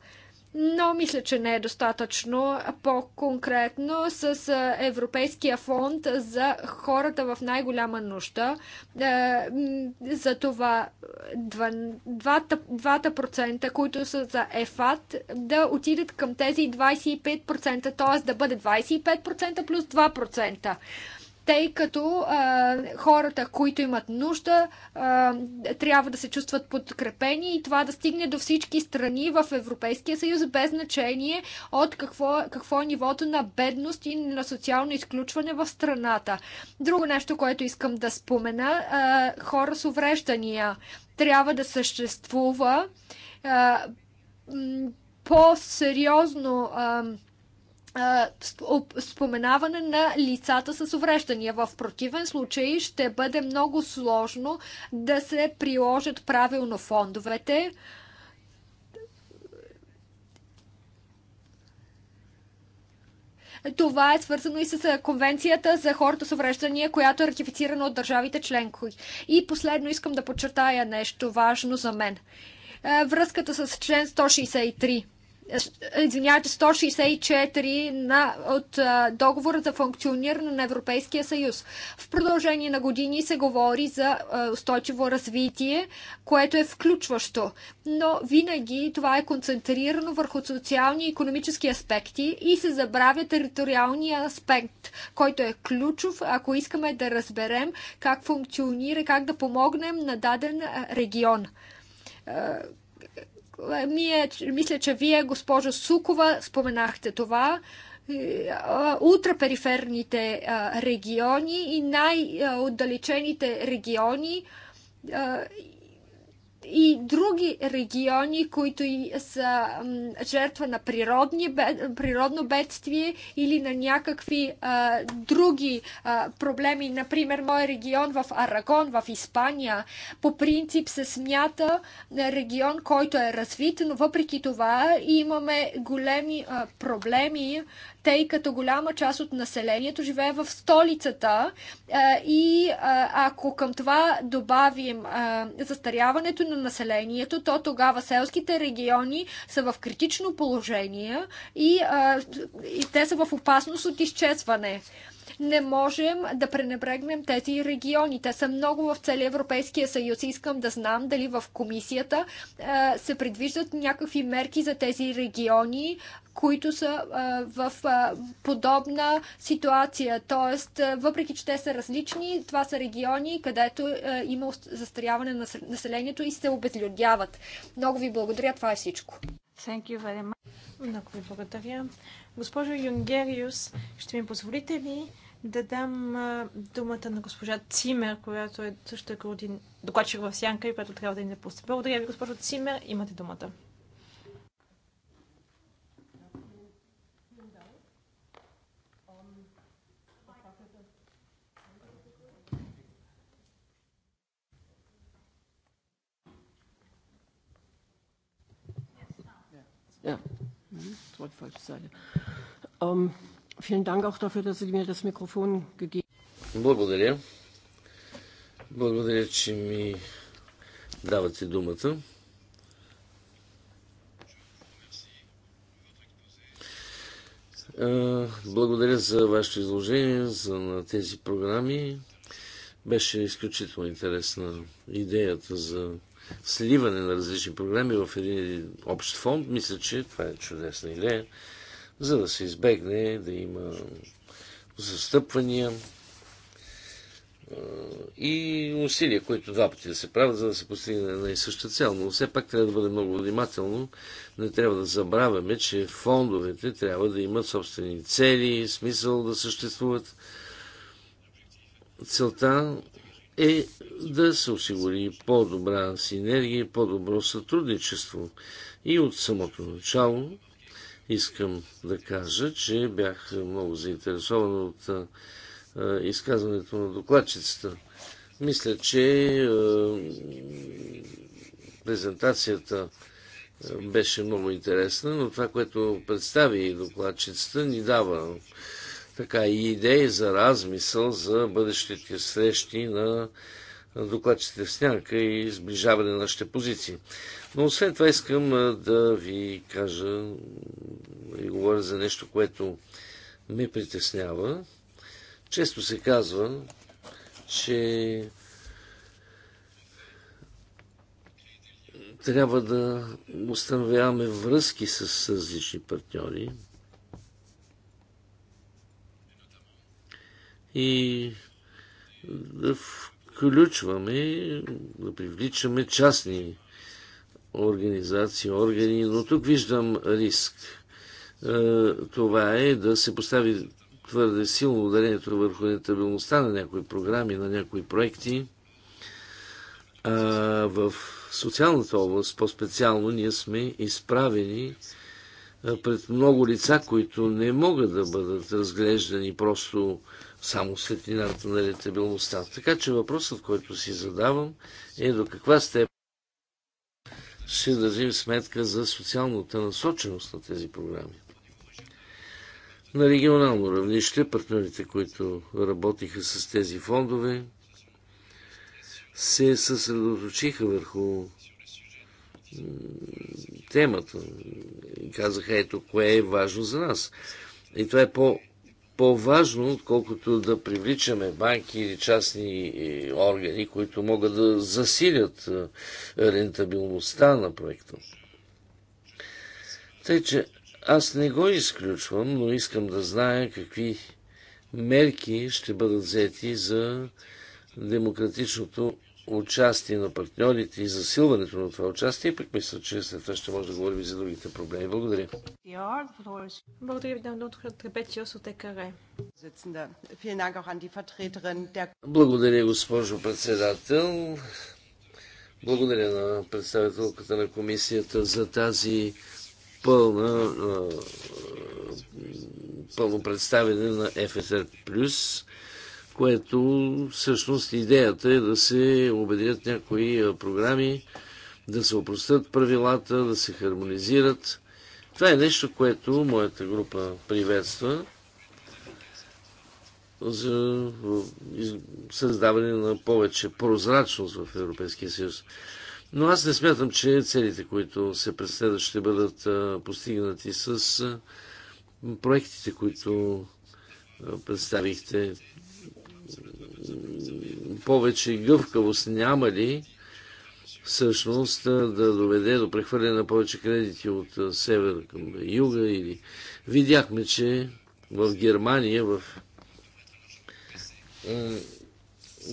но мисля, че не е достатъчно. По-конкретно с Европейския фонд за хората в най-голяма нужда. Е, за това 2%, които са за ЕФАТ, да отидат към тези 25%, т.е. да бъде 25% плюс 2% тъй като а, хората, които имат нужда, а, трябва да се чувстват подкрепени и това да стигне до всички страни в Европейския съюз, без значение от какво, какво е нивото на бедност и на социално изключване в страната. Друго нещо, което искам да спомена, а, хора с увреждания трябва да съществува а, по-сериозно. А, споменаване на лицата с увреждания. В противен случай ще бъде много сложно да се приложат правилно фондовете. Това е свързано и с конвенцията за хората с увреждания, която е ратифицирана от държавите членки. И последно искам да подчертая нещо важно за мен. Връзката с член 163 извинявайте, 164 на, от а, договора за функциониране на Европейския съюз. В продължение на години се говори за а, устойчиво развитие, което е включващо, но винаги това е концентрирано върху социални и економически аспекти и се забравя териториалния аспект, който е ключов, ако искаме да разберем как функционира, как да помогнем на даден регион е, мие, мисля, че вие, госпожо Сукова, споменахте това е, ултрапериферните региони и най-отдалечените региони и други региони, които и са жертва на природни, природно бедствие или на някакви а, други а, проблеми. Например, мой регион в Арагон, в Испания, по принцип се смята регион, който е развит, но въпреки това имаме големи а, проблеми тъй като голяма част от населението живее в столицата и ако към това добавим застаряването на населението, то тогава селските региони са в критично положение и, и те са в опасност от изчезване не можем да пренебрегнем тези региони. Те са много в целия Европейския съюз. Искам да знам дали в комисията се предвиждат някакви мерки за тези региони, които са в подобна ситуация. Тоест, въпреки че те са различни, това са региони, където има застаряване на населението и се обезлюдяват. Много ви благодаря, това е всичко. Много ви благодаря. Госпожо Юнгериус, ще ми позволите ли да дам думата на госпожа Цимер, която е също е докладчик в Сянка и която трябва да ни напусне. Благодаря ви, госпожо Цимер. Имате думата. Ja, das war die falsche Seite. Ähm, vielen Dank auch dafür, dass Sie mir das Mikrofon gegeben haben. Благодаря. Благодаря, че ми давате думата. Е, благодаря за вашето изложение, за на тези програми. Беше изключително интересна идеята за сливане на различни програми в един общ фонд, мисля, че това е чудесна идея, за да се избегне да има застъпвания и усилия, които два пъти да се правят, за да се постигне една и съща цел. Но все пак трябва да бъде много внимателно. Не трябва да забравяме, че фондовете трябва да имат собствени цели, смисъл да съществуват. Целта е да се осигури по-добра синергия, по-добро сътрудничество. И от самото начало искам да кажа, че бях много заинтересован от изказването на докладчицата. Мисля, че презентацията беше много интересна, но това, което представи докладчицата, ни дава така и идеи за размисъл за бъдещите срещи на докладчите в сняка и сближаване на нашите позиции. Но освен това искам да ви кажа и говоря за нещо, което ме притеснява. Често се казва, че трябва да установяваме връзки с различни партньори, и да включваме, да привличаме частни организации, органи, но тук виждам риск. Е, това е да се постави твърде силно ударението върху нетабилността на някои програми, на някои проекти. А, в социалната област по-специално ние сме изправени е, пред много лица, които не могат да бъдат разглеждани просто само светлината на летабилността. Така че въпросът, който си задавам е до каква степен ще държим сметка за социалната насоченост на тези програми. На регионално равнище партньорите, които работиха с тези фондове, се съсредоточиха върху темата. Казаха, ето, кое е важно за нас. И това е по по-важно, отколкото да привличаме банки или частни е, органи, които могат да засилят е, рентабилността на проекта. Тъй, че аз не го изключвам, но искам да зная какви мерки ще бъдат взети за демократичното участие на партньорите и засилването на това участие, пък мисля, че след това ще може да говорим и за другите проблеми. Благодаря. Благодаря ви, Трепетиос от ЕКР. Благодаря, госпожо председател. Благодаря на представителката на комисията за тази пълна, пълно представяне на ФСР+ което всъщност идеята е да се обединят някои програми, да се опростят правилата, да се хармонизират. Това е нещо, което моята група приветства за създаване на повече прозрачност в Европейския съюз. Но аз не смятам, че целите, които се преследват, ще бъдат постигнати с проектите, които представихте повече гъвкавост няма ли всъщност да доведе до прехвърляне на повече кредити от север към юга или видяхме, че в Германия в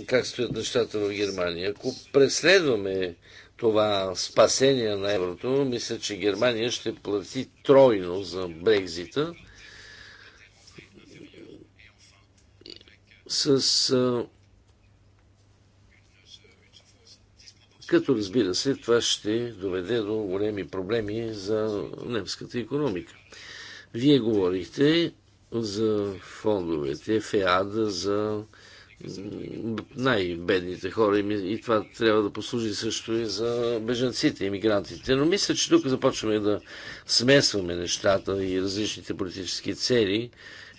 как стоят нещата в Германия. Ако преследваме това спасение на еврото, мисля, че Германия ще плати тройно за Брекзита с като разбира се, това ще доведе до големи проблеми за немската економика. Вие говорихте за фондовете, ФЕАД, за най-бедните хора и това трябва да послужи също и за бежанците, иммигрантите. Но мисля, че тук започваме да смесваме нещата и различните политически цели,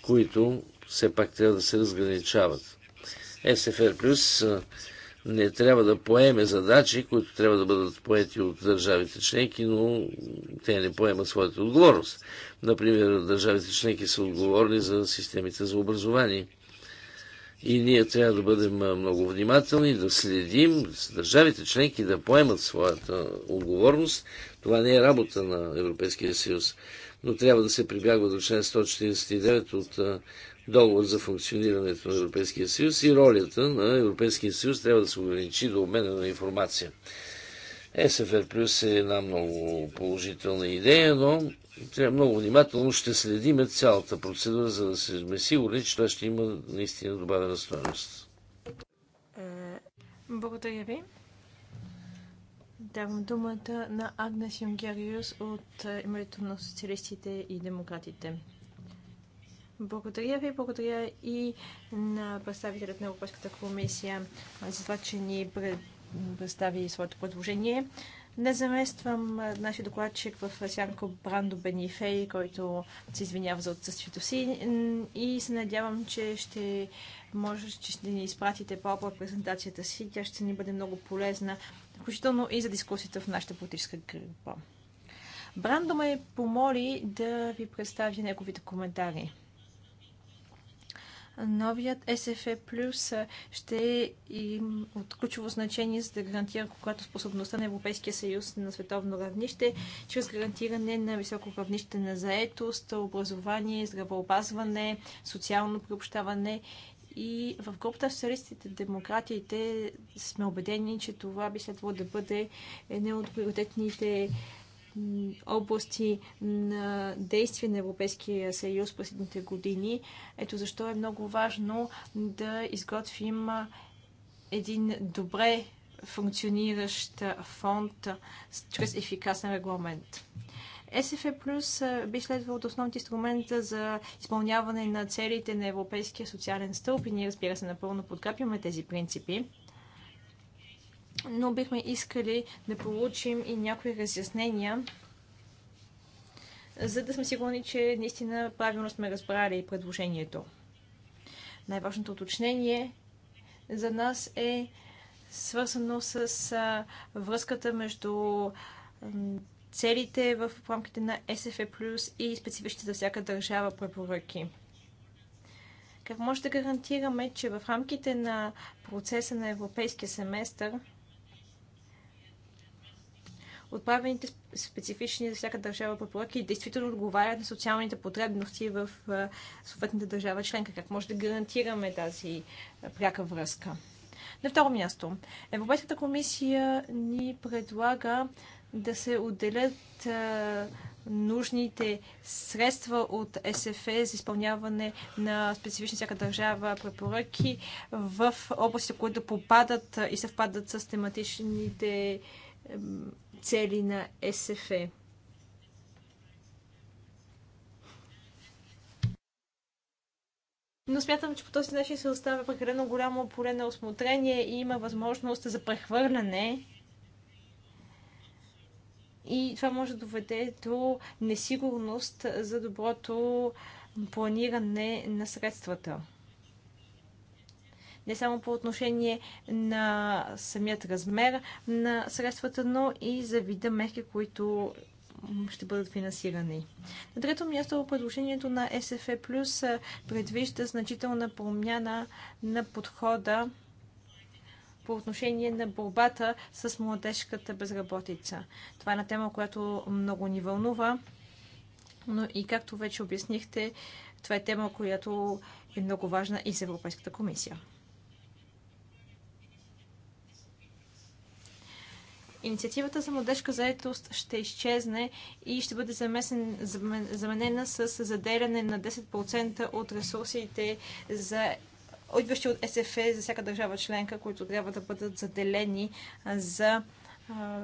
които все пак трябва да се разграничават. СФР Плюс не трябва да поеме задачи, които трябва да бъдат поети от държавите членки, но те не поемат своята отговорност. Например, държавите членки са отговорни за системите за образование. И ние трябва да бъдем много внимателни, да следим държавите членки да поемат своята отговорност. Това не е работа на Европейския съюз, но трябва да се прибягва до член 149 от договор за функционирането на Европейския съюз и ролята на Европейския съюз трябва да се ограничи до обмена на информация. СФР Плюс е една много положителна идея, но трябва много внимателно ще следим цялата процедура, за да сме сигурни, че това ще има наистина добавена стоеност. Е, благодаря ви. Давам думата на Агнес Юнгериус от е, името на социалистите и демократите. Благодаря ви, благодаря и на представителят на Европейската комисия за това, че ни представи своето предложение. Не замествам нашия докладчик в Сянко Брандо Бенифей, който се извинява за отсъствието си и се надявам, че ще може, че ще ни изпратите по-опра презентацията си. Тя ще ни бъде много полезна, включително и за дискусията в нашата политическа група. Брандо ме помоли да ви представя неговите коментари новият SFE Plus ще им от ключово значение, за да гарантира когато способността на Европейския съюз на световно равнище, чрез гарантиране на високо равнище на заетост, образование, здравеопазване, социално приобщаване и в групата социалистите демократиите сме убедени, че това би следвало да бъде едно от приоритетните области на действие на Европейския съюз последните години. Ето защо е много важно да изготвим един добре функциониращ фонд чрез ефикасен регламент. SFE Plus би следвал от основните инструмента за изпълняване на целите на Европейския социален стълб и ние разбира се напълно подкрепяме тези принципи но бихме искали да получим и някои разяснения, за да сме сигурни, че наистина правилно сме разбрали предложението. Най-важното уточнение за нас е свързано с връзката между целите в рамките на SFE Plus и специфичните за всяка държава препоръки. Как може да гарантираме, че в рамките на процеса на европейския семестър отправените специфични за всяка държава препоръки действително отговарят на социалните потребности в съответната държава членка? Как може да гарантираме тази пряка връзка? На второ място, Европейската комисия ни предлага да се отделят нужните средства от СФЕ за изпълняване на специфични всяка държава препоръки в области, които попадат и съвпадат с тематичните цели на СФЕ. но смятам, че по този начин се оставя прекалено голямо поле на осмотрение и има възможност за прехвърляне. И това може да доведе до несигурност за доброто планиране на средствата не само по отношение на самият размер на средствата, но и за вида мерки, които ще бъдат финансирани. На трето място предложението на SFE Plus предвижда значителна промяна на подхода по отношение на борбата с младежката безработица. Това е на тема, която много ни вълнува, но и както вече обяснихте, това е тема, която е много важна и за Европейската комисия. Инициативата за младежка заетост ще изчезне и ще бъде замесен, заменена с заделяне на 10% от ресурсите за идващи от СФЕ за всяка държава членка, които трябва да бъдат заделени за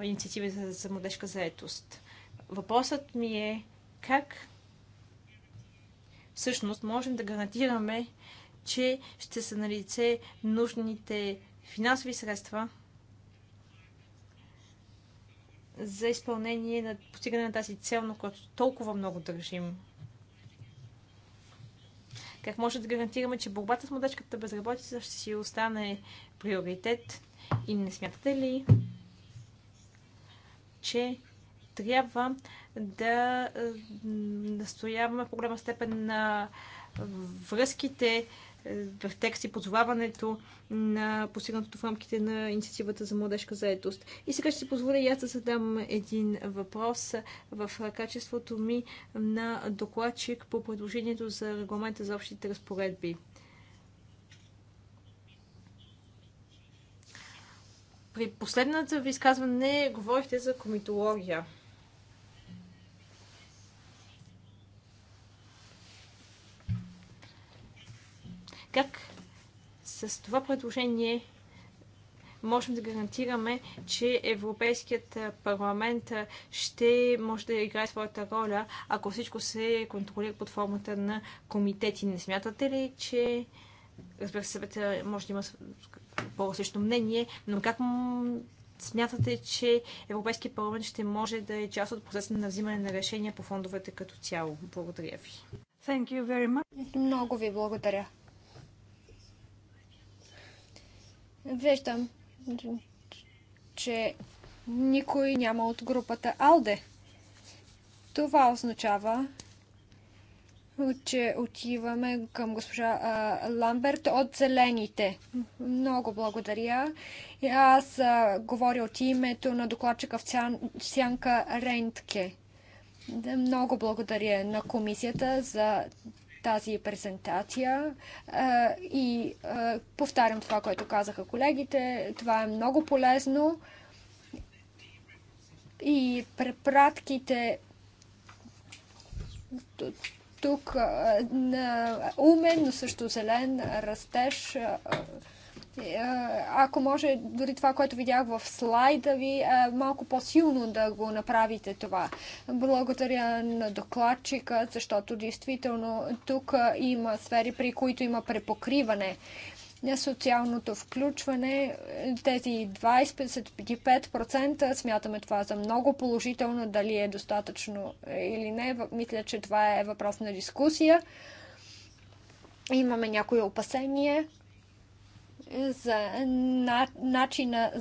инициативите за младежка заетост. Въпросът ми е как всъщност можем да гарантираме, че ще са налице нужните финансови средства, за изпълнение на постигане на тази цел, на която толкова много държим. Как може да гарантираме, че борбата с младежката безработица ще си остане приоритет? И не смятате ли, че трябва да настояваме в по голяма степен на връзките в текст и позоваването на постигнатото в рамките на инициативата за младежка заетост. И сега ще си позволя и аз да задам един въпрос в качеството ми на докладчик по предложението за регламента за общите разпоредби. При последната ви изказване говорихте за комитология. Как с това предложение можем да гарантираме, че Европейският парламент ще може да играе своята роля, ако всичко се контролира под формата на комитети. Не смятате ли, че разбира се, съвета може да има по-различно мнение, но как смятате, че Европейският парламент ще може да е част от процеса на взимане на решения по фондовете като цяло? Благодаря ви. Thank you very much. Много ви благодаря. Виждам, че никой няма от групата Алде. Това означава, че отиваме към госпожа а, Ламберт от Зелените. Много благодаря. И аз а, говоря от името на докладчика в Сян, Сянка Рентке. Много благодаря на комисията за тази презентация и повтарям това, което казаха колегите. Това е много полезно и препратките тук на умен, но също зелен растеж е, ако може дори това, което видях в слайда ви, е, малко по-силно да го направите това. Благодаря на докладчика, защото действително тук има сфери, при които има препокриване на е, социалното включване, тези 25% смятаме това за много положително, дали е достатъчно или не. Мисля, че това е въпрос на дискусия. Имаме някои опасения за начина,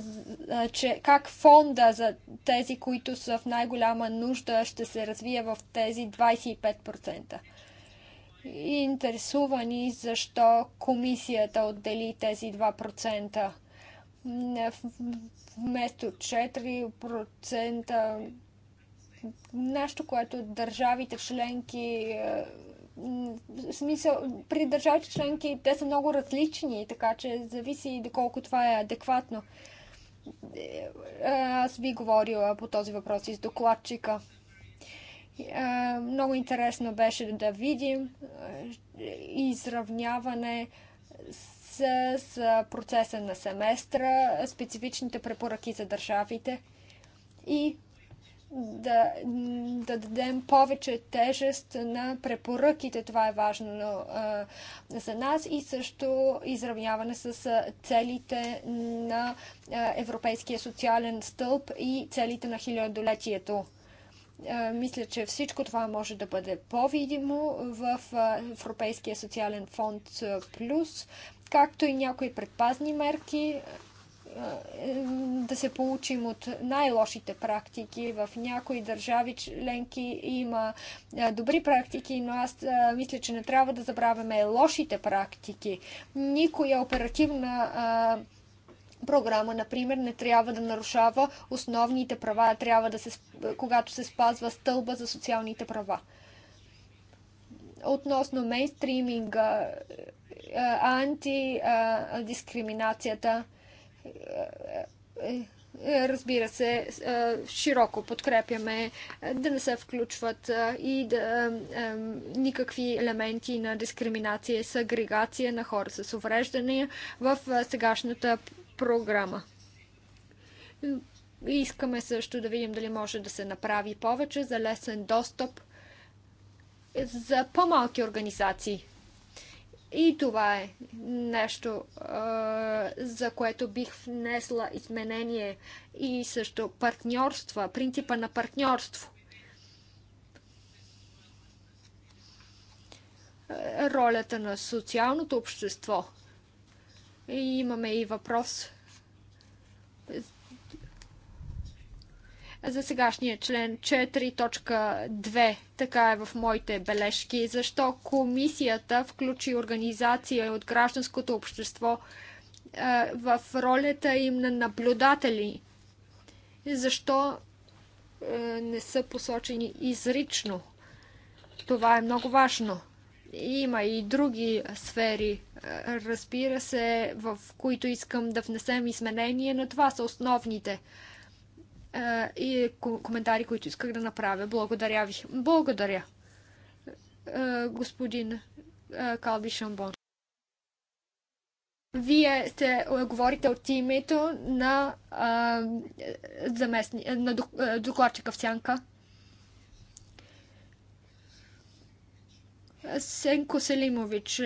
че как фонда за тези, които са в най-голяма нужда, ще се развие в тези 25%. Интересувани защо комисията отдели тези 2%. Вместо 4% нещо, което държавите членки в смисъл, при държавите членки те са много различни, така че зависи доколко това е адекватно. Е, аз би говорила по този въпрос и с докладчика. Е, много интересно беше да видим е, изравняване с процеса на семестра, специфичните препоръки за държавите и да, да дадем повече тежест на препоръките. Това е важно а, за нас и също изравняване с целите на Европейския социален стълб и целите на хилядолетието мисля, че всичко това може да бъде по-видимо в Европейския социален фонд Плюс, както и някои предпазни мерки да се получим от най-лошите практики. В някои държави членки има добри практики, но аз мисля, че не трябва да забравяме лошите практики. Никоя оперативна програма, например, не трябва да нарушава основните права, трябва да се, когато се спазва стълба за социалните права. Относно мейнстриминга, антидискриминацията, е, е, разбира се, е, широко подкрепяме да не се включват и да, никакви елементи на дискриминация и сегрегация на хора с увреждания в сегашната програма. Искаме също да видим дали може да се направи повече за лесен достъп за по-малки организации. И това е нещо, за което бих внесла изменение и също партньорства, принципа на партньорство. Ролята на социалното общество. И имаме и въпрос за сегашния член 4.2. Така е в моите бележки. Защо комисията включи организация от гражданското общество е, в ролята им на наблюдатели? Защо е, не са посочени изрично? Това е много важно. Има и други сфери, е, разбира се, в които искам да внесем изменения, но това са основните и коментари, които исках да направя. Благодаря ви. Благодаря, господин Калби Шамбон. Вие сте говорите от името на, а, заместни, на докладчика в сянка. Сенко Селимович.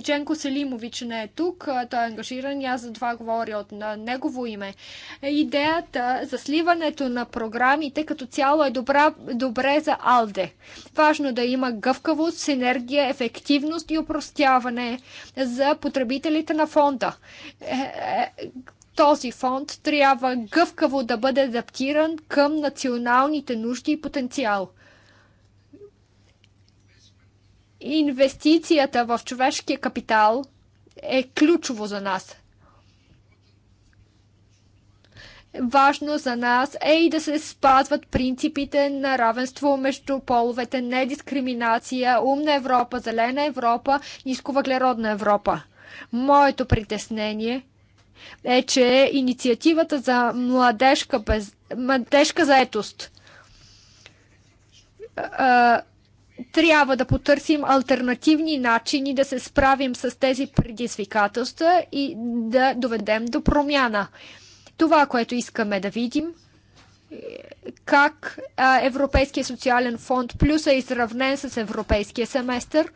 Дженко Селимович не е тук, той е ангажиран и аз за това говоря от негово име. Идеята за сливането на програмите като цяло е добра, добре за АЛДЕ. Важно да има гъвкавост, синергия, ефективност и упростяване за потребителите на фонда е, е, този фонд трябва гъвкаво да бъде адаптиран към националните нужди и потенциал. Инвестицията в човешкия капитал е ключово за нас. Важно за нас е и да се спазват принципите на равенство между половете, недискриминация, умна Европа, зелена Европа, нисковъглеродна Европа. Моето притеснение е, че инициативата за младежка, без... младежка заетост – трябва да потърсим альтернативни начини да се справим с тези предизвикателства и да доведем до промяна. Това, което искаме да видим, е как Европейския социален фонд плюс е изравнен с Европейския семестър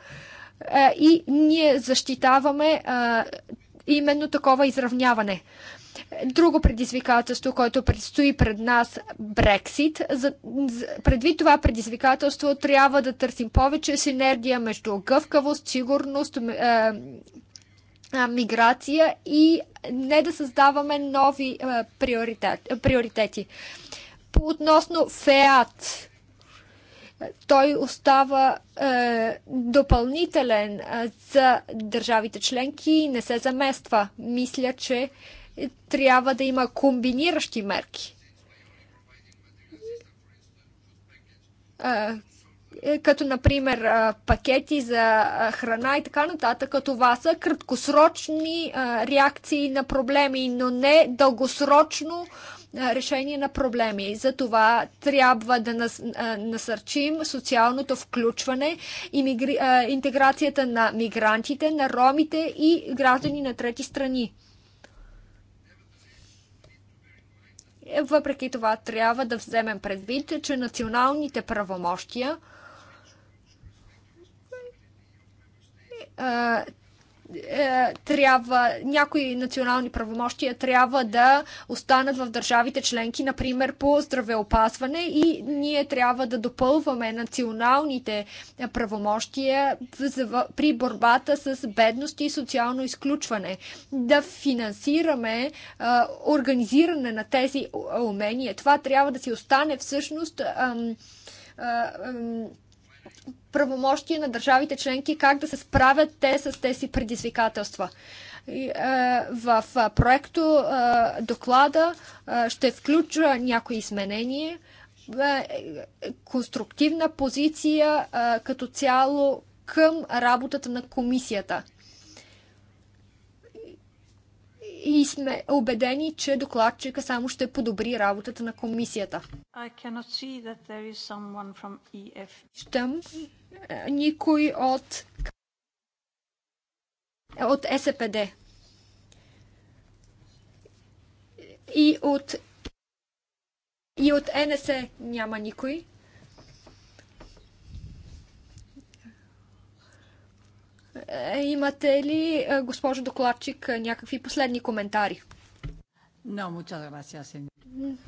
и ние защитаваме именно такова изравняване. Друго предизвикателство, което предстои пред нас Брексит. За, за, предвид това предизвикателство трябва да търсим повече синергия между гъвкавост, сигурност, е, миграция и не да създаваме нови е, приоритет, е, приоритети. Относно ФЕАТ, той остава е, допълнителен за държавите членки и не се замества. Мисля, че е, трябва да има комбиниращи мерки. Е, като например пакети за храна и така нататък. Това са краткосрочни реакции на проблеми, но не дългосрочно решение на проблеми. За това трябва да насърчим социалното включване, и интеграцията на мигрантите, на ромите и граждани на трети страни. Въпреки това трябва да вземем предвид, че националните правомощия е, е, трябва, някои национални правомощия трябва да останат в държавите членки, например по здравеопазване и ние трябва да допълваме националните е, правомощия при борбата с бедност и социално изключване. Да финансираме е, организиране на тези умения. Това трябва да си остане всъщност правомощие на държавите членки как да се справят те с тези предизвикателства. Е, в проекто е, доклада е, ще включа някои изменения, конструктивна позиция като цяло към работата на комисията. и сме убедени, че докладчика само ще подобри работата на комисията. Щем e е, никой от от СПД и от и от НС няма никой. Е, имате ли, е, госпожо докладчик, е, някакви последни коментари?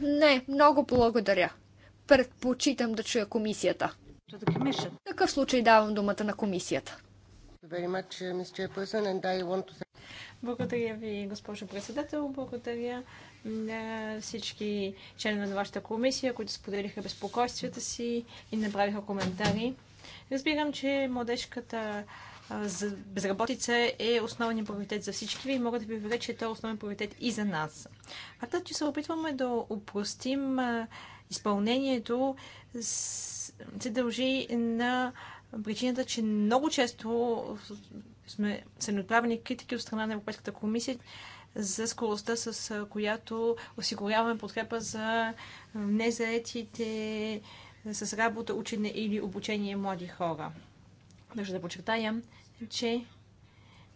Не, много благодаря. Предпочитам да чуя комисията. В такъв случай давам думата на комисията. Uh, благодаря ви, госпожо председател. Благодаря на всички членове на вашата комисия, които споделиха безпокойствията си и направиха коментари. Разбирам, че младежката за безработица е основен приоритет за всички ви и мога да ви уверя, че е то основен приоритет и за нас. Фактът, че се опитваме да упростим изпълнението, се дължи на причината, че много често сме се направени критики от страна на Европейската комисия за скоростта, с която осигуряваме подкрепа за незаетите с работа, учене или обучение млади хора. Държа да подчертая, че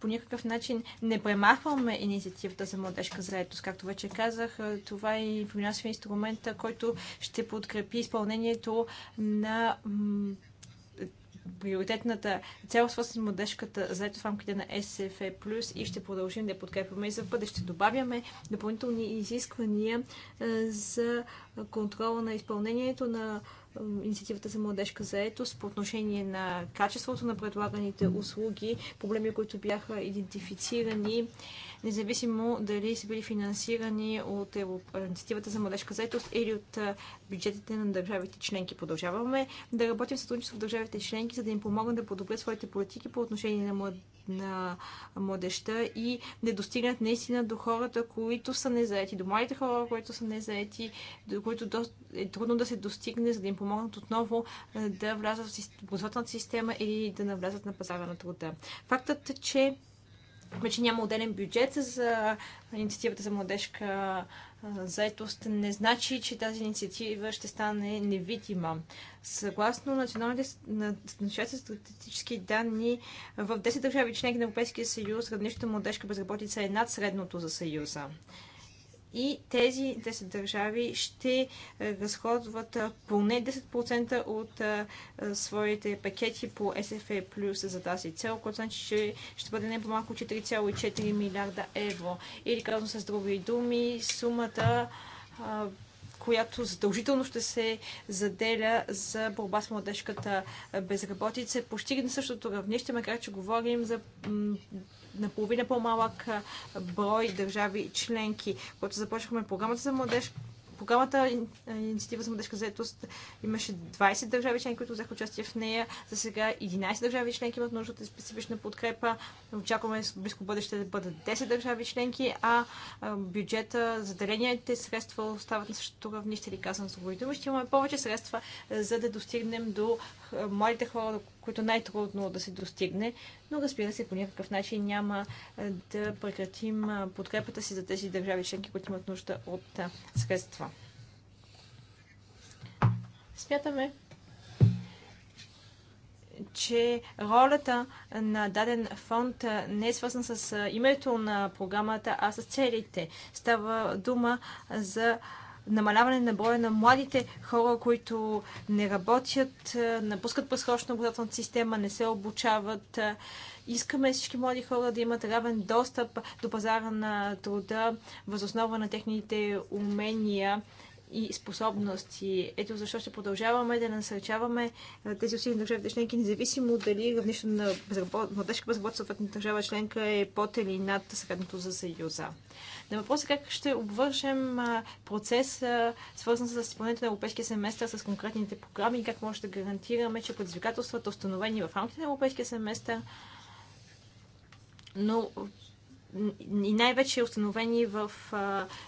по никакъв начин не премахваме инициативата за младежка заедост. Както вече казах, това е финансовия инструмент, който ще подкрепи изпълнението на приоритетната цел, с младежката заедост в рамките на СФ+, и ще продължим да подкрепяме и за бъдеще. Добавяме допълнителни изисквания за контрола на изпълнението на инициативата за младежка заетост по отношение на качеството на предлаганите услуги, проблеми, които бяха идентифицирани независимо дали са били финансирани от инициативата за младежка заетост или от бюджетите на държавите членки. Продължаваме да работим в сътрудничество в държавите членки, за да им помогнат да подобрят своите политики по отношение на младежите на младеща и да достигнат наистина до хората, които са незаети, до младите хора, които са незаети, до които е трудно да се достигне, за да им помогнат отново да влязат в образователната система или да навлязат на пазара на труда. Фактът, че вече няма отделен бюджет за инициативата за младежка заетост, не значи, че тази инициатива ще стане невидима. Съгласно националните на, статистически данни, в 10 държави членки на Европейския съюз равнището младежка безработица е над средното за съюза и тези 10 държави ще е, разходват е, поне 10% от е, своите пакети по SFA плюс за тази цел, което значи, че ще бъде не по-малко 4,4 милиарда евро. Или казвам с други думи, сумата която задължително ще се заделя за борба с младежката безработица. почти на същото равнище, макар че говорим за наполовина по-малък брой държави членки. Когато започнахме програмата за младеж, Програмата Инициатива за младежка заетост имаше 20 държави членки, които взеха участие в нея. За сега 11 държави членки имат нужда от специфична подкрепа. Очакваме в близко бъдеще да бъдат 10 държави членки, а бюджета, заделените средства остават на същото равнище, или казвам с други думи. Ще имаме повече средства, за да достигнем до младите хора, които най-трудно да се достигне, но разбира се, по някакъв начин няма да прекратим подкрепата си за тези държави членки, които имат нужда от средства. Смятаме, че ролята на даден фонд не е свързана с името на програмата, а с целите. Става дума за намаляване на броя на младите хора, които не работят, напускат пресрочна образователната система, не се обучават. Искаме всички млади хора да имат равен достъп до пазара на труда, възоснова на техните умения и способности. Ето защо ще продължаваме да насърчаваме тези усилия на държавите членки, независимо дали равнището на безработ... младежка безработица в държава членка е под или над средното за Съюза. На въпроса как ще обвържем процес, свързан с изпълнението на Европейския семестър с конкретните програми и как може да гарантираме, че предизвикателствата, установени в рамките на Европейския семестър, но и най-вече установени в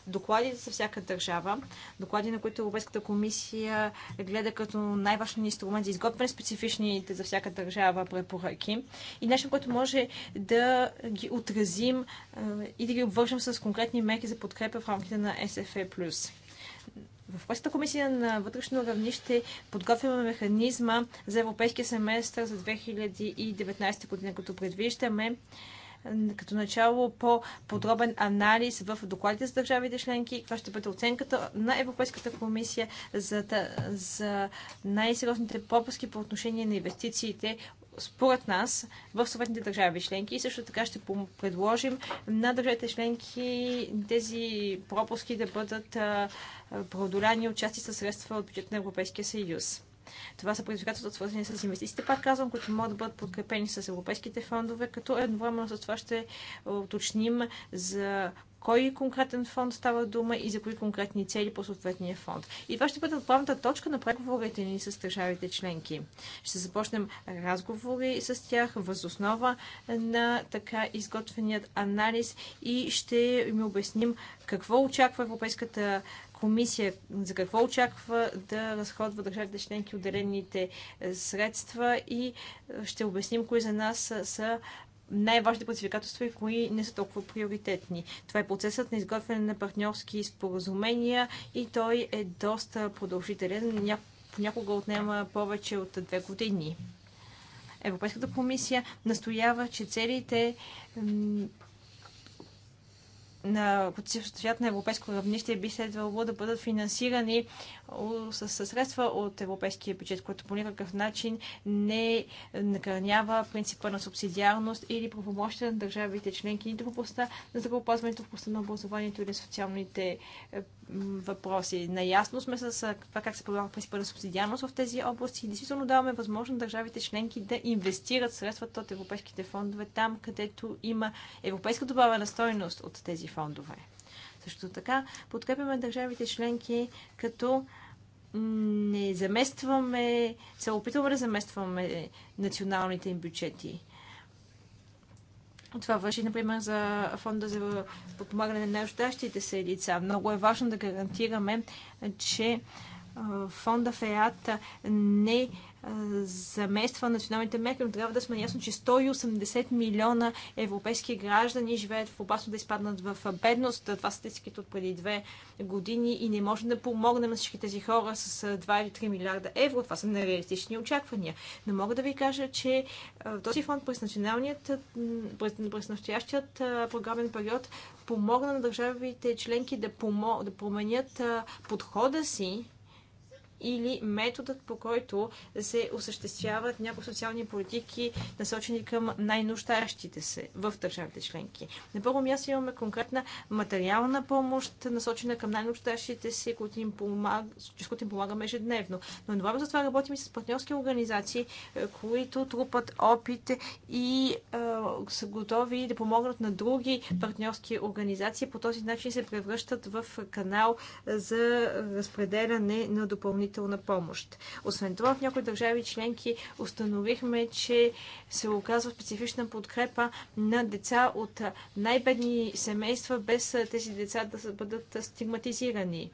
докладите за всяка държава, доклади на които Европейската комисия гледа като най-важен инструмент за изготвяне специфичните за всяка държава препоръки и нещо, което може да ги отразим и да ги обвържем с конкретни мерки за подкрепа в рамките на СФЕ+. В Европейската комисия на вътрешно равнище подготвяме механизма за европейския семестър за 2019 година, като предвиждаме като начало по-подробен анализ в докладите за държавите членки. Това ще бъде оценката на Европейската комисия за, за най-сериозните пропуски по отношение на инвестициите според нас в съветните държави членки. И също така ще предложим на държавите членки тези пропуски да бъдат преодоляни от части със средства от бюджет на Европейския съюз. Това са предизвикателствата, свързани с инвестициите, пак казвам, които могат да бъдат подкрепени с европейските фондове, като едновременно с това ще уточним за кой конкретен фонд става дума и за кои конкретни цели по съответния фонд. И това ще бъде отправната точка на преговорите ни с държавите членки. Ще започнем разговори с тях възоснова на така изготвеният анализ и ще им обясним какво очаква Европейската комисия за какво очаква да разходва държавите членки отделените е, средства и е, ще обясним кои за нас са най-важните предизвикателства и кои не са толкова приоритетни. Това е процесът на изготвяне на партньорски споразумения и той е доста продължителен. Понякога отнема повече от две години. Европейската комисия настоява, че целите на на европейско равнище би следвало да бъдат финансирани с средства от европейския бюджет, което по никакъв начин не накранява принципа на субсидиарност или правомощите на държавите членки, нито в областта на здравеопазването, в областта на образованието или социалните е, въпроси. Наясно сме с това как се прилага принципа на субсидиарност в тези области и действително даваме възможност държавите членки да инвестират средствата от европейските фондове там, където има европейска добавена стойност от тези фондове. Също така подкрепяме държавите членки като не заместваме, се опитваме да заместваме националните им бюджети. Това върши, например, за фонда за подпомагане на най се лица. Много е важно да гарантираме, че фонда ФЕАТ не замества националните мерки, но трябва да сме ясно, че 180 милиона европейски граждани живеят в опасност да изпаднат в бедност. Това са статистиките от преди две години и не можем да помогнем на всички тези хора с 2 или 3 милиарда евро. Това са нереалистични очаквания. Но мога да ви кажа, че този фонд през, националният, през, през настоящият програмен период помогна на държавите членки да, помо, да променят подхода си или методът по който се осъществяват някои социални политики, насочени към най нуждаещите се в държавите членки. На първо място имаме конкретна материална помощ, насочена към най нуждаещите се, които им помаг... които им помагаме ежедневно. Но едновременно за това работим и с партньорски организации, е, които трупат опит и а, е, са готови да помогнат на други партньорски организации. По този начин се превръщат в канал за разпределяне на допълнителни допълнителна помощ. Освен това, в някои държави членки установихме, че се оказва специфична подкрепа на деца от най-бедни семейства, без тези деца да бъдат стигматизирани.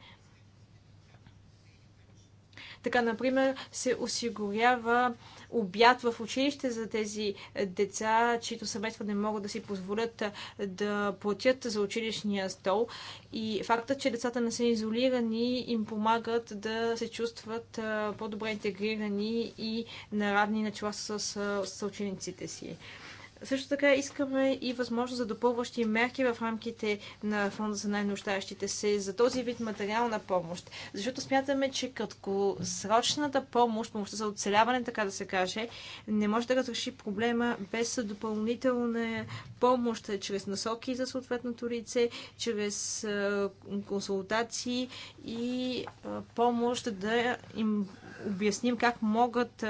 Така, например, се осигурява обяд в училище за тези деца, чието семейства не могат да си позволят да платят за училищния стол. И факта, че децата не са изолирани, им помагат да се чувстват по-добре интегрирани и наравни начала с съучениците си. Също така искаме и възможност за допълващи мерки в рамките на фонда за най-нуждаещите се за този вид материална помощ. Защото смятаме, че краткосрочната помощ, помощта за оцеляване, така да се каже, не може да разреши проблема без допълнителна помощ, чрез насоки за съответното лице, чрез консултации и помощ да им обясним как могат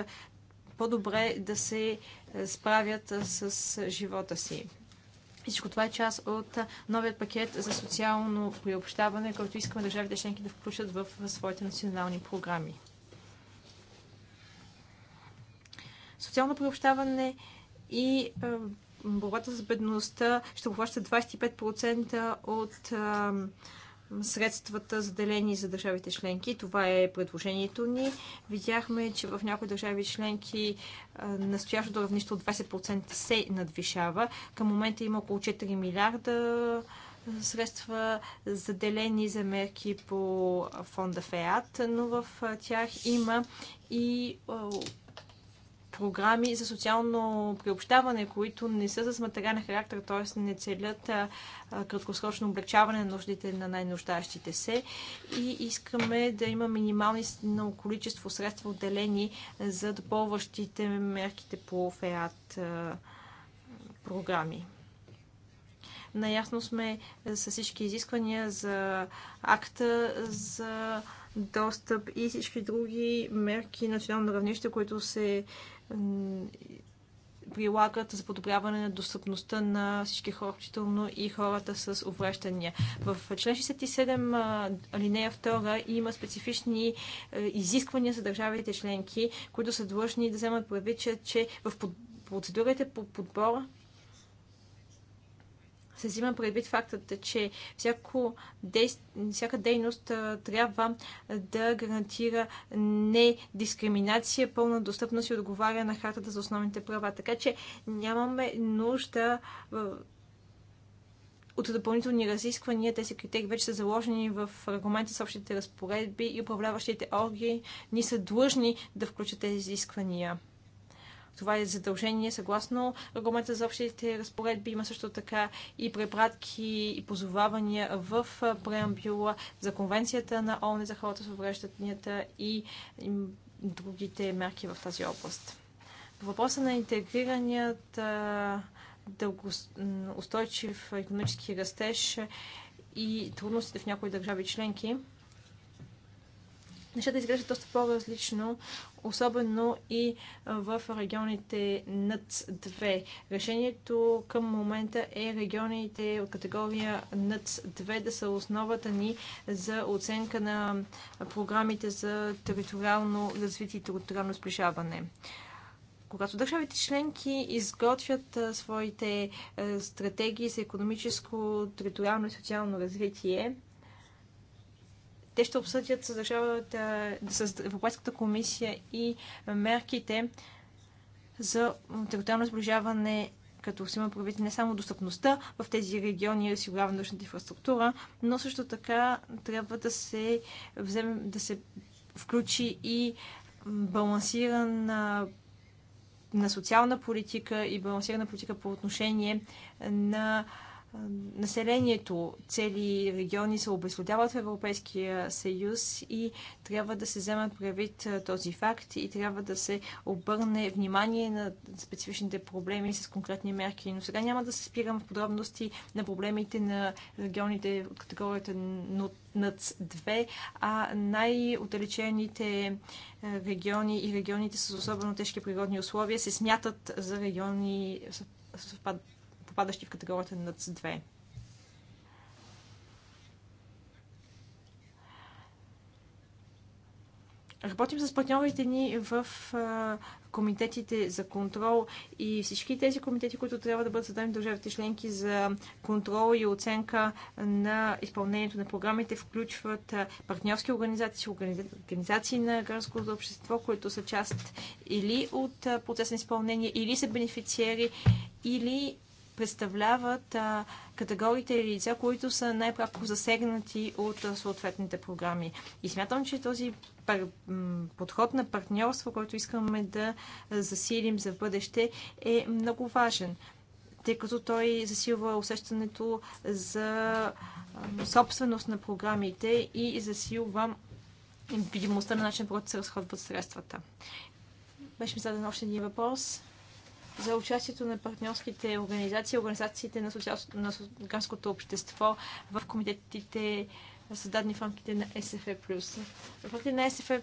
по-добре да се е, справят е, с е, живота си. Всичко това е част от новият пакет за социално приобщаване, който искаме държавите членки да включат в своите национални програми. Социално приобщаване и борбата с бедността ще обхваща 25% от средствата, заделени за държавите членки. Това е предложението ни. Видяхме, че в някои държави членки настоящото равнище от 20% се надвишава. Към момента има около 4 милиарда средства заделени за мерки по фонда ФЕАТ, но в тях има и програми за социално приобщаване, които не са с материален характер, т.е. не целят краткосрочно облегчаване на нуждите на най-нуждащите се. И искаме да има минимално количество средства отделени за допълващите мерките по ФЕАТ програми. Наясно сме с всички изисквания за акта за достъп и всички други мерки на национално равнище, които се прилагат за подобряване на достъпността на всички хора, включително и хората с увреждания. В член 67 алинея 2 има специфични е, изисквания за държавите членки, които са длъжни да вземат предвид, че в процедурите по подбор се взима предвид фактът, че всяко дей... всяка дейност трябва да гарантира не дискриминация, пълна достъпност и отговаря на хартата за основните права. Така че нямаме нужда от допълнителни разисквания. Тези критерии вече са заложени в регламента с общите разпоредби и управляващите органи ни са длъжни да включат тези изисквания. Това е задължение съгласно регламента за общите разпоредби. Има също така и препратки и позовавания в преамбюла за конвенцията на ООН за хората с уврежданията и другите мерки в тази област. По въпроса на интегрираният дългоустойчив економически растеж и трудностите в някои държави членки, нещата изглеждат доста по-различно, особено и в регионите над 2. Решението към момента е регионите от категория над 2 да са основата ни за оценка на програмите за териториално развитие и териториално сближаване. Когато държавите членки изготвят своите стратегии за економическо, териториално и социално развитие, те ще обсъдят с държавата, с Европейската комисия и мерките за териториално сближаване като се има правите не само достъпността в тези региони и осигуряване на инфраструктура, но също така трябва да се, вземе, да се включи и балансирана на социална политика и балансирана политика по отношение на населението, цели региони се обезлюдяват в Европейския съюз и трябва да се вземат правит този факт и трябва да се обърне внимание на специфичните проблеми с конкретни мерки. Но сега няма да се спирам в подробности на проблемите на регионите от категорията Над 2 а най-отдалечените региони и регионите с особено тежки природни условия се смятат за региони съвпадат попадащи в категорията на над 2. Работим с партньорите ни в комитетите за контрол и всички тези комитети, които трябва да бъдат създадени в държавите членки за контрол и оценка на изпълнението на програмите, включват партньорски организации, организации на гражданското общество, които са част или от процеса на изпълнение, или са бенефициери, или представляват а, категориите и лица, които са най-пряко засегнати от а, съответните програми. И смятам, че този пар... подход на партньорство, който искаме да засилим за бъдеще, е много важен, тъй като той засилва усещането за а, собственост на програмите и засилва видимостта на начин, по който се разходват средствата. Беше ми зададен още един въпрос за участието на партньорските организации, организациите на, социал... общество в комитетите, създадени в рамките на СФ. В рамките на СФЕ+,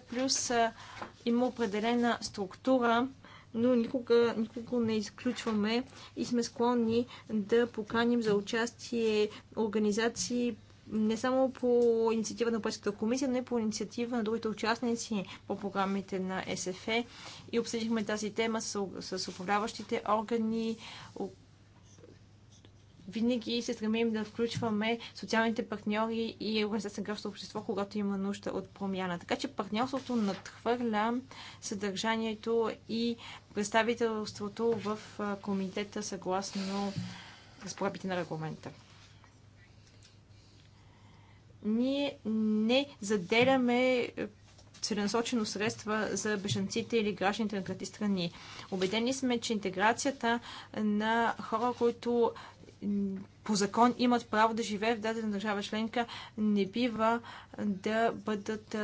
има определена структура, но никога, никога не изключваме и сме склонни да поканим за участие организации, не само по инициатива на Европейската комисия, но и по инициатива на другите участници по програмите на СФЕ и обсъдихме тази тема с, с управляващите органи. Винаги се стремим да включваме социалните партньори и организацията на гражданското общество, когато има нужда от промяна. Така че партньорството надхвърля съдържанието и представителството в комитета съгласно разпоредбите на регламента ние не заделяме е, целенасочено средства за бежанците или гражданите на трети страни. Обедени сме, че интеграцията на хора, които по закон имат право да живеят в дадена държава членка, не бива да бъдат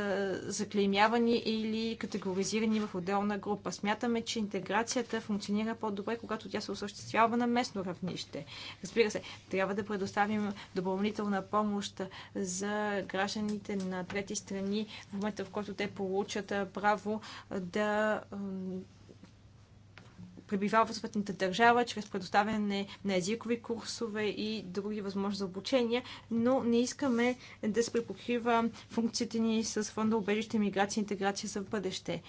заклеймявани или категоризирани в отделна група. Смятаме, че интеграцията функционира по-добре, когато тя се осъществява на местно равнище. Разбира се, трябва да предоставим допълнителна помощ за гражданите на трети страни в момента, в който те получат право да пребивава в съответната държава, чрез предоставяне на езикови курсове и други възможности за обучение, но не искаме да се препокрива функциите ни с фонда убежище, миграция и интеграция за бъдеще.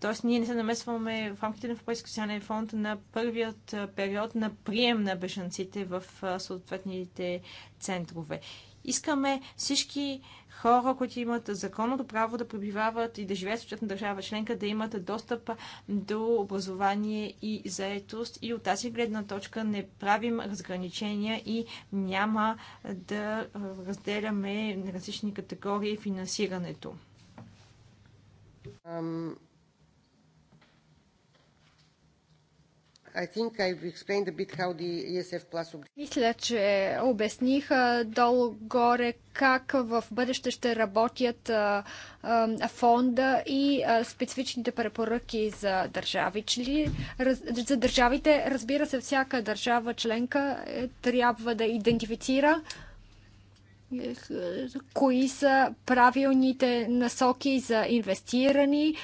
Тоест, ние не се намесваме в рамките на Европейския социален фонд на първият период на прием на бежанците в съответните центрове. Искаме всички хора, които имат законното право да пребивават и да живеят в съответна държава членка, да имат достъп до образование и заетост. И от тази гледна точка не правим разграничения и няма да разделяме на различни категории финансирането. E Мисля, че обясних долу-горе как в бъдеще ще работят фонда и специфичните препоръки за държави. за държавите, разбира се, всяка държава членка е, трябва да идентифицира кои са правилните насоки за инвестирани,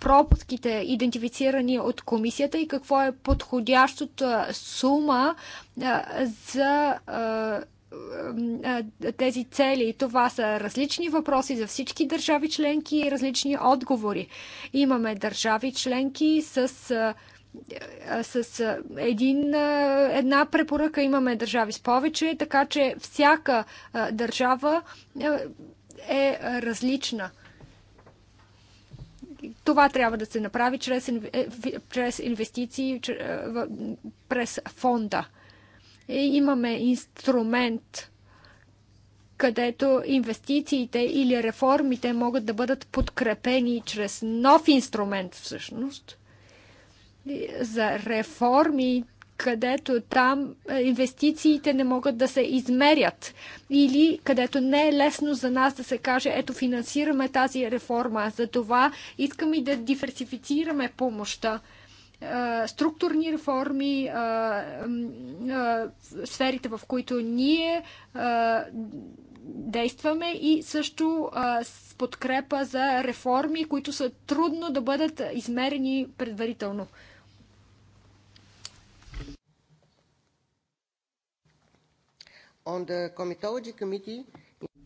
пропуските идентифицирани от комисията и какво е подходящата сума за тези цели. Това са различни въпроси за всички държави членки и различни отговори. Имаме държави членки с с един, една препоръка имаме държави с повече, така че всяка държава е различна. Това трябва да се направи чрез, е, чрез инвестиции, през фонда. Имаме инструмент, където инвестициите или реформите могат да бъдат подкрепени чрез нов инструмент всъщност – за реформи, където там е, инвестициите не могат да се измерят или където не е лесно за нас да се каже, ето финансираме тази реформа. За това искаме и да диверсифицираме помощта. Е, структурни реформи, е, сферите в които ние действаме и също с подкрепа за реформи, които са трудно да бъдат измерени предварително.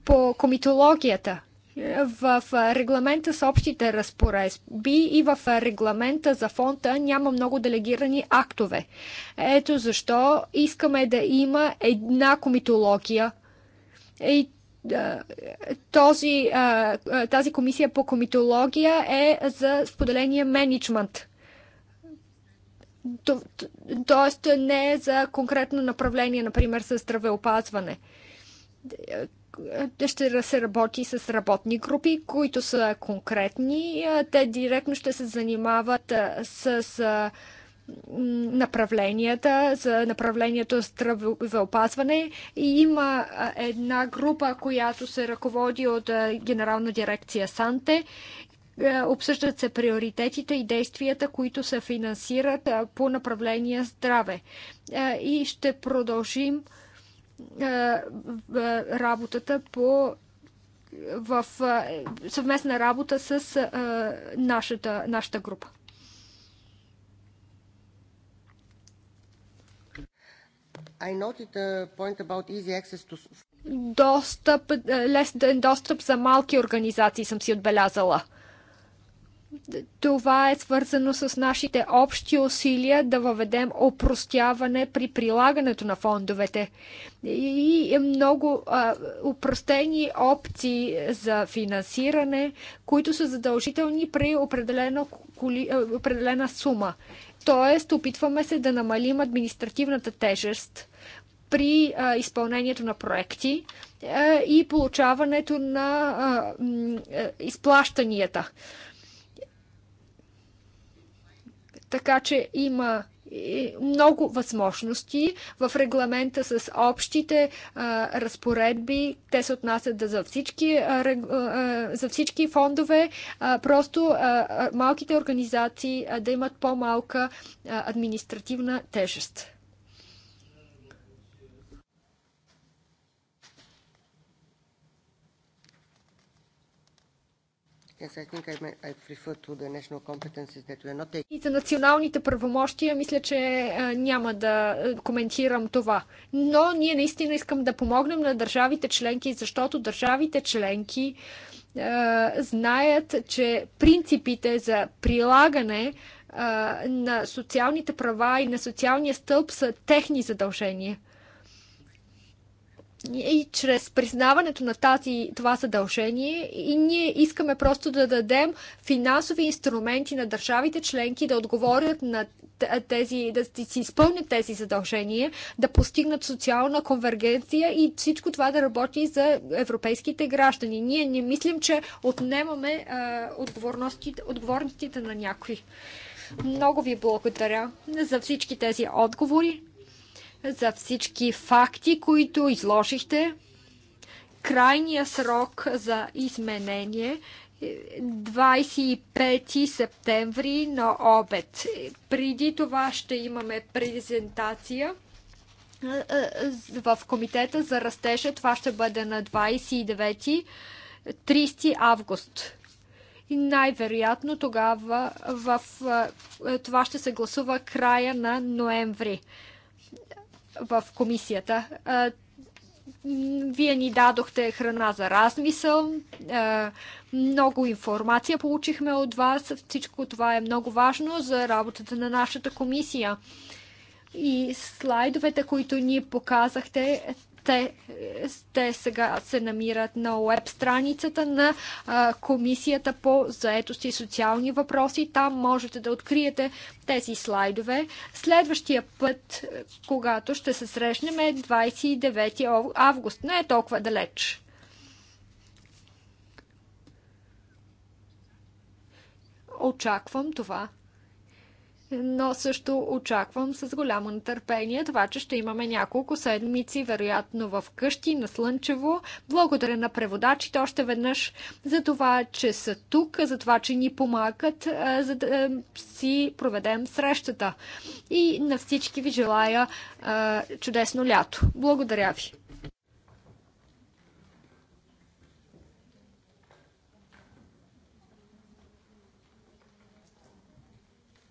По комитологията в регламента с общите разпоредби и в регламента за фонда няма много делегирани актове. Ето защо искаме да има една комитология и този, тази комисия по комитология е за споделения менеджмент. Тоест не е за конкретно направление, например с здравеопазване. Е, е, ще се работи с работни групи, които са конкретни. Те директно ще се занимават с направленията, за направлението здравеопазване. И има една група, която се ръководи от Генерална дирекция Санте е, обсъждат се приоритетите и действията, които се финансират по направление здраве. Е, и ще продължим е, работата по в съвместна работа с нашата, нашата група. To... Достъп, лесен достъп за малки организации съм си отбелязала. Това е свързано с нашите общи усилия да въведем опростяване при прилагането на фондовете. И много а, упростени опции за финансиране, които са задължителни при определена, коли, определена сума. Тоест, опитваме се да намалим административната тежест при а, изпълнението на проекти а, и получаването на а, изплащанията. Така че има е, много възможности в регламента с общите а, разпоредби. Те се отнасят да за всички, а, а, за всички фондове. А, просто а, малките организации а, да имат по-малка административна тежест. И за националните правомощия мисля, че е, няма да е, коментирам това. Но ние наистина искам да помогнем на държавите членки, защото държавите членки е, знаят, че принципите за прилагане на социалните права и на социалния стълб са техни задължения и чрез признаването на тази, това задължение и ние искаме просто да дадем финансови инструменти на държавите членки да отговорят на тези, да си изпълнят тези задължения, да постигнат социална конвергенция и всичко това да работи за европейските граждани. Ние не мислим, че отнемаме а, отговорностите, отговорностите на някой. Много ви благодаря за всички тези отговори за всички факти, които изложихте. Крайния срок за изменение 25 е септември на обед. Преди това ще имаме презентация в Комитета за растежа. Това ще бъде на 29 30 август. И най-вероятно тогава в, това ще се гласува края на ноември в комисията. Вие ни дадохте храна за размисъл, много информация получихме от вас. Всичко това е много важно за работата на нашата комисия. И слайдовете, които ни показахте, те, те сега се намират на веб страницата на а, Комисията по заетост и социални въпроси. Там можете да откриете тези слайдове. Следващия път, когато ще се срещнем е 29 август. Не е толкова далеч. Очаквам това но също очаквам с голямо нетърпение това, че ще имаме няколко седмици, вероятно в къщи, на слънчево. Благодаря на преводачите още веднъж за това, че са тук, за това, че ни помагат, за да си проведем срещата. И на всички ви желая чудесно лято. Благодаря ви!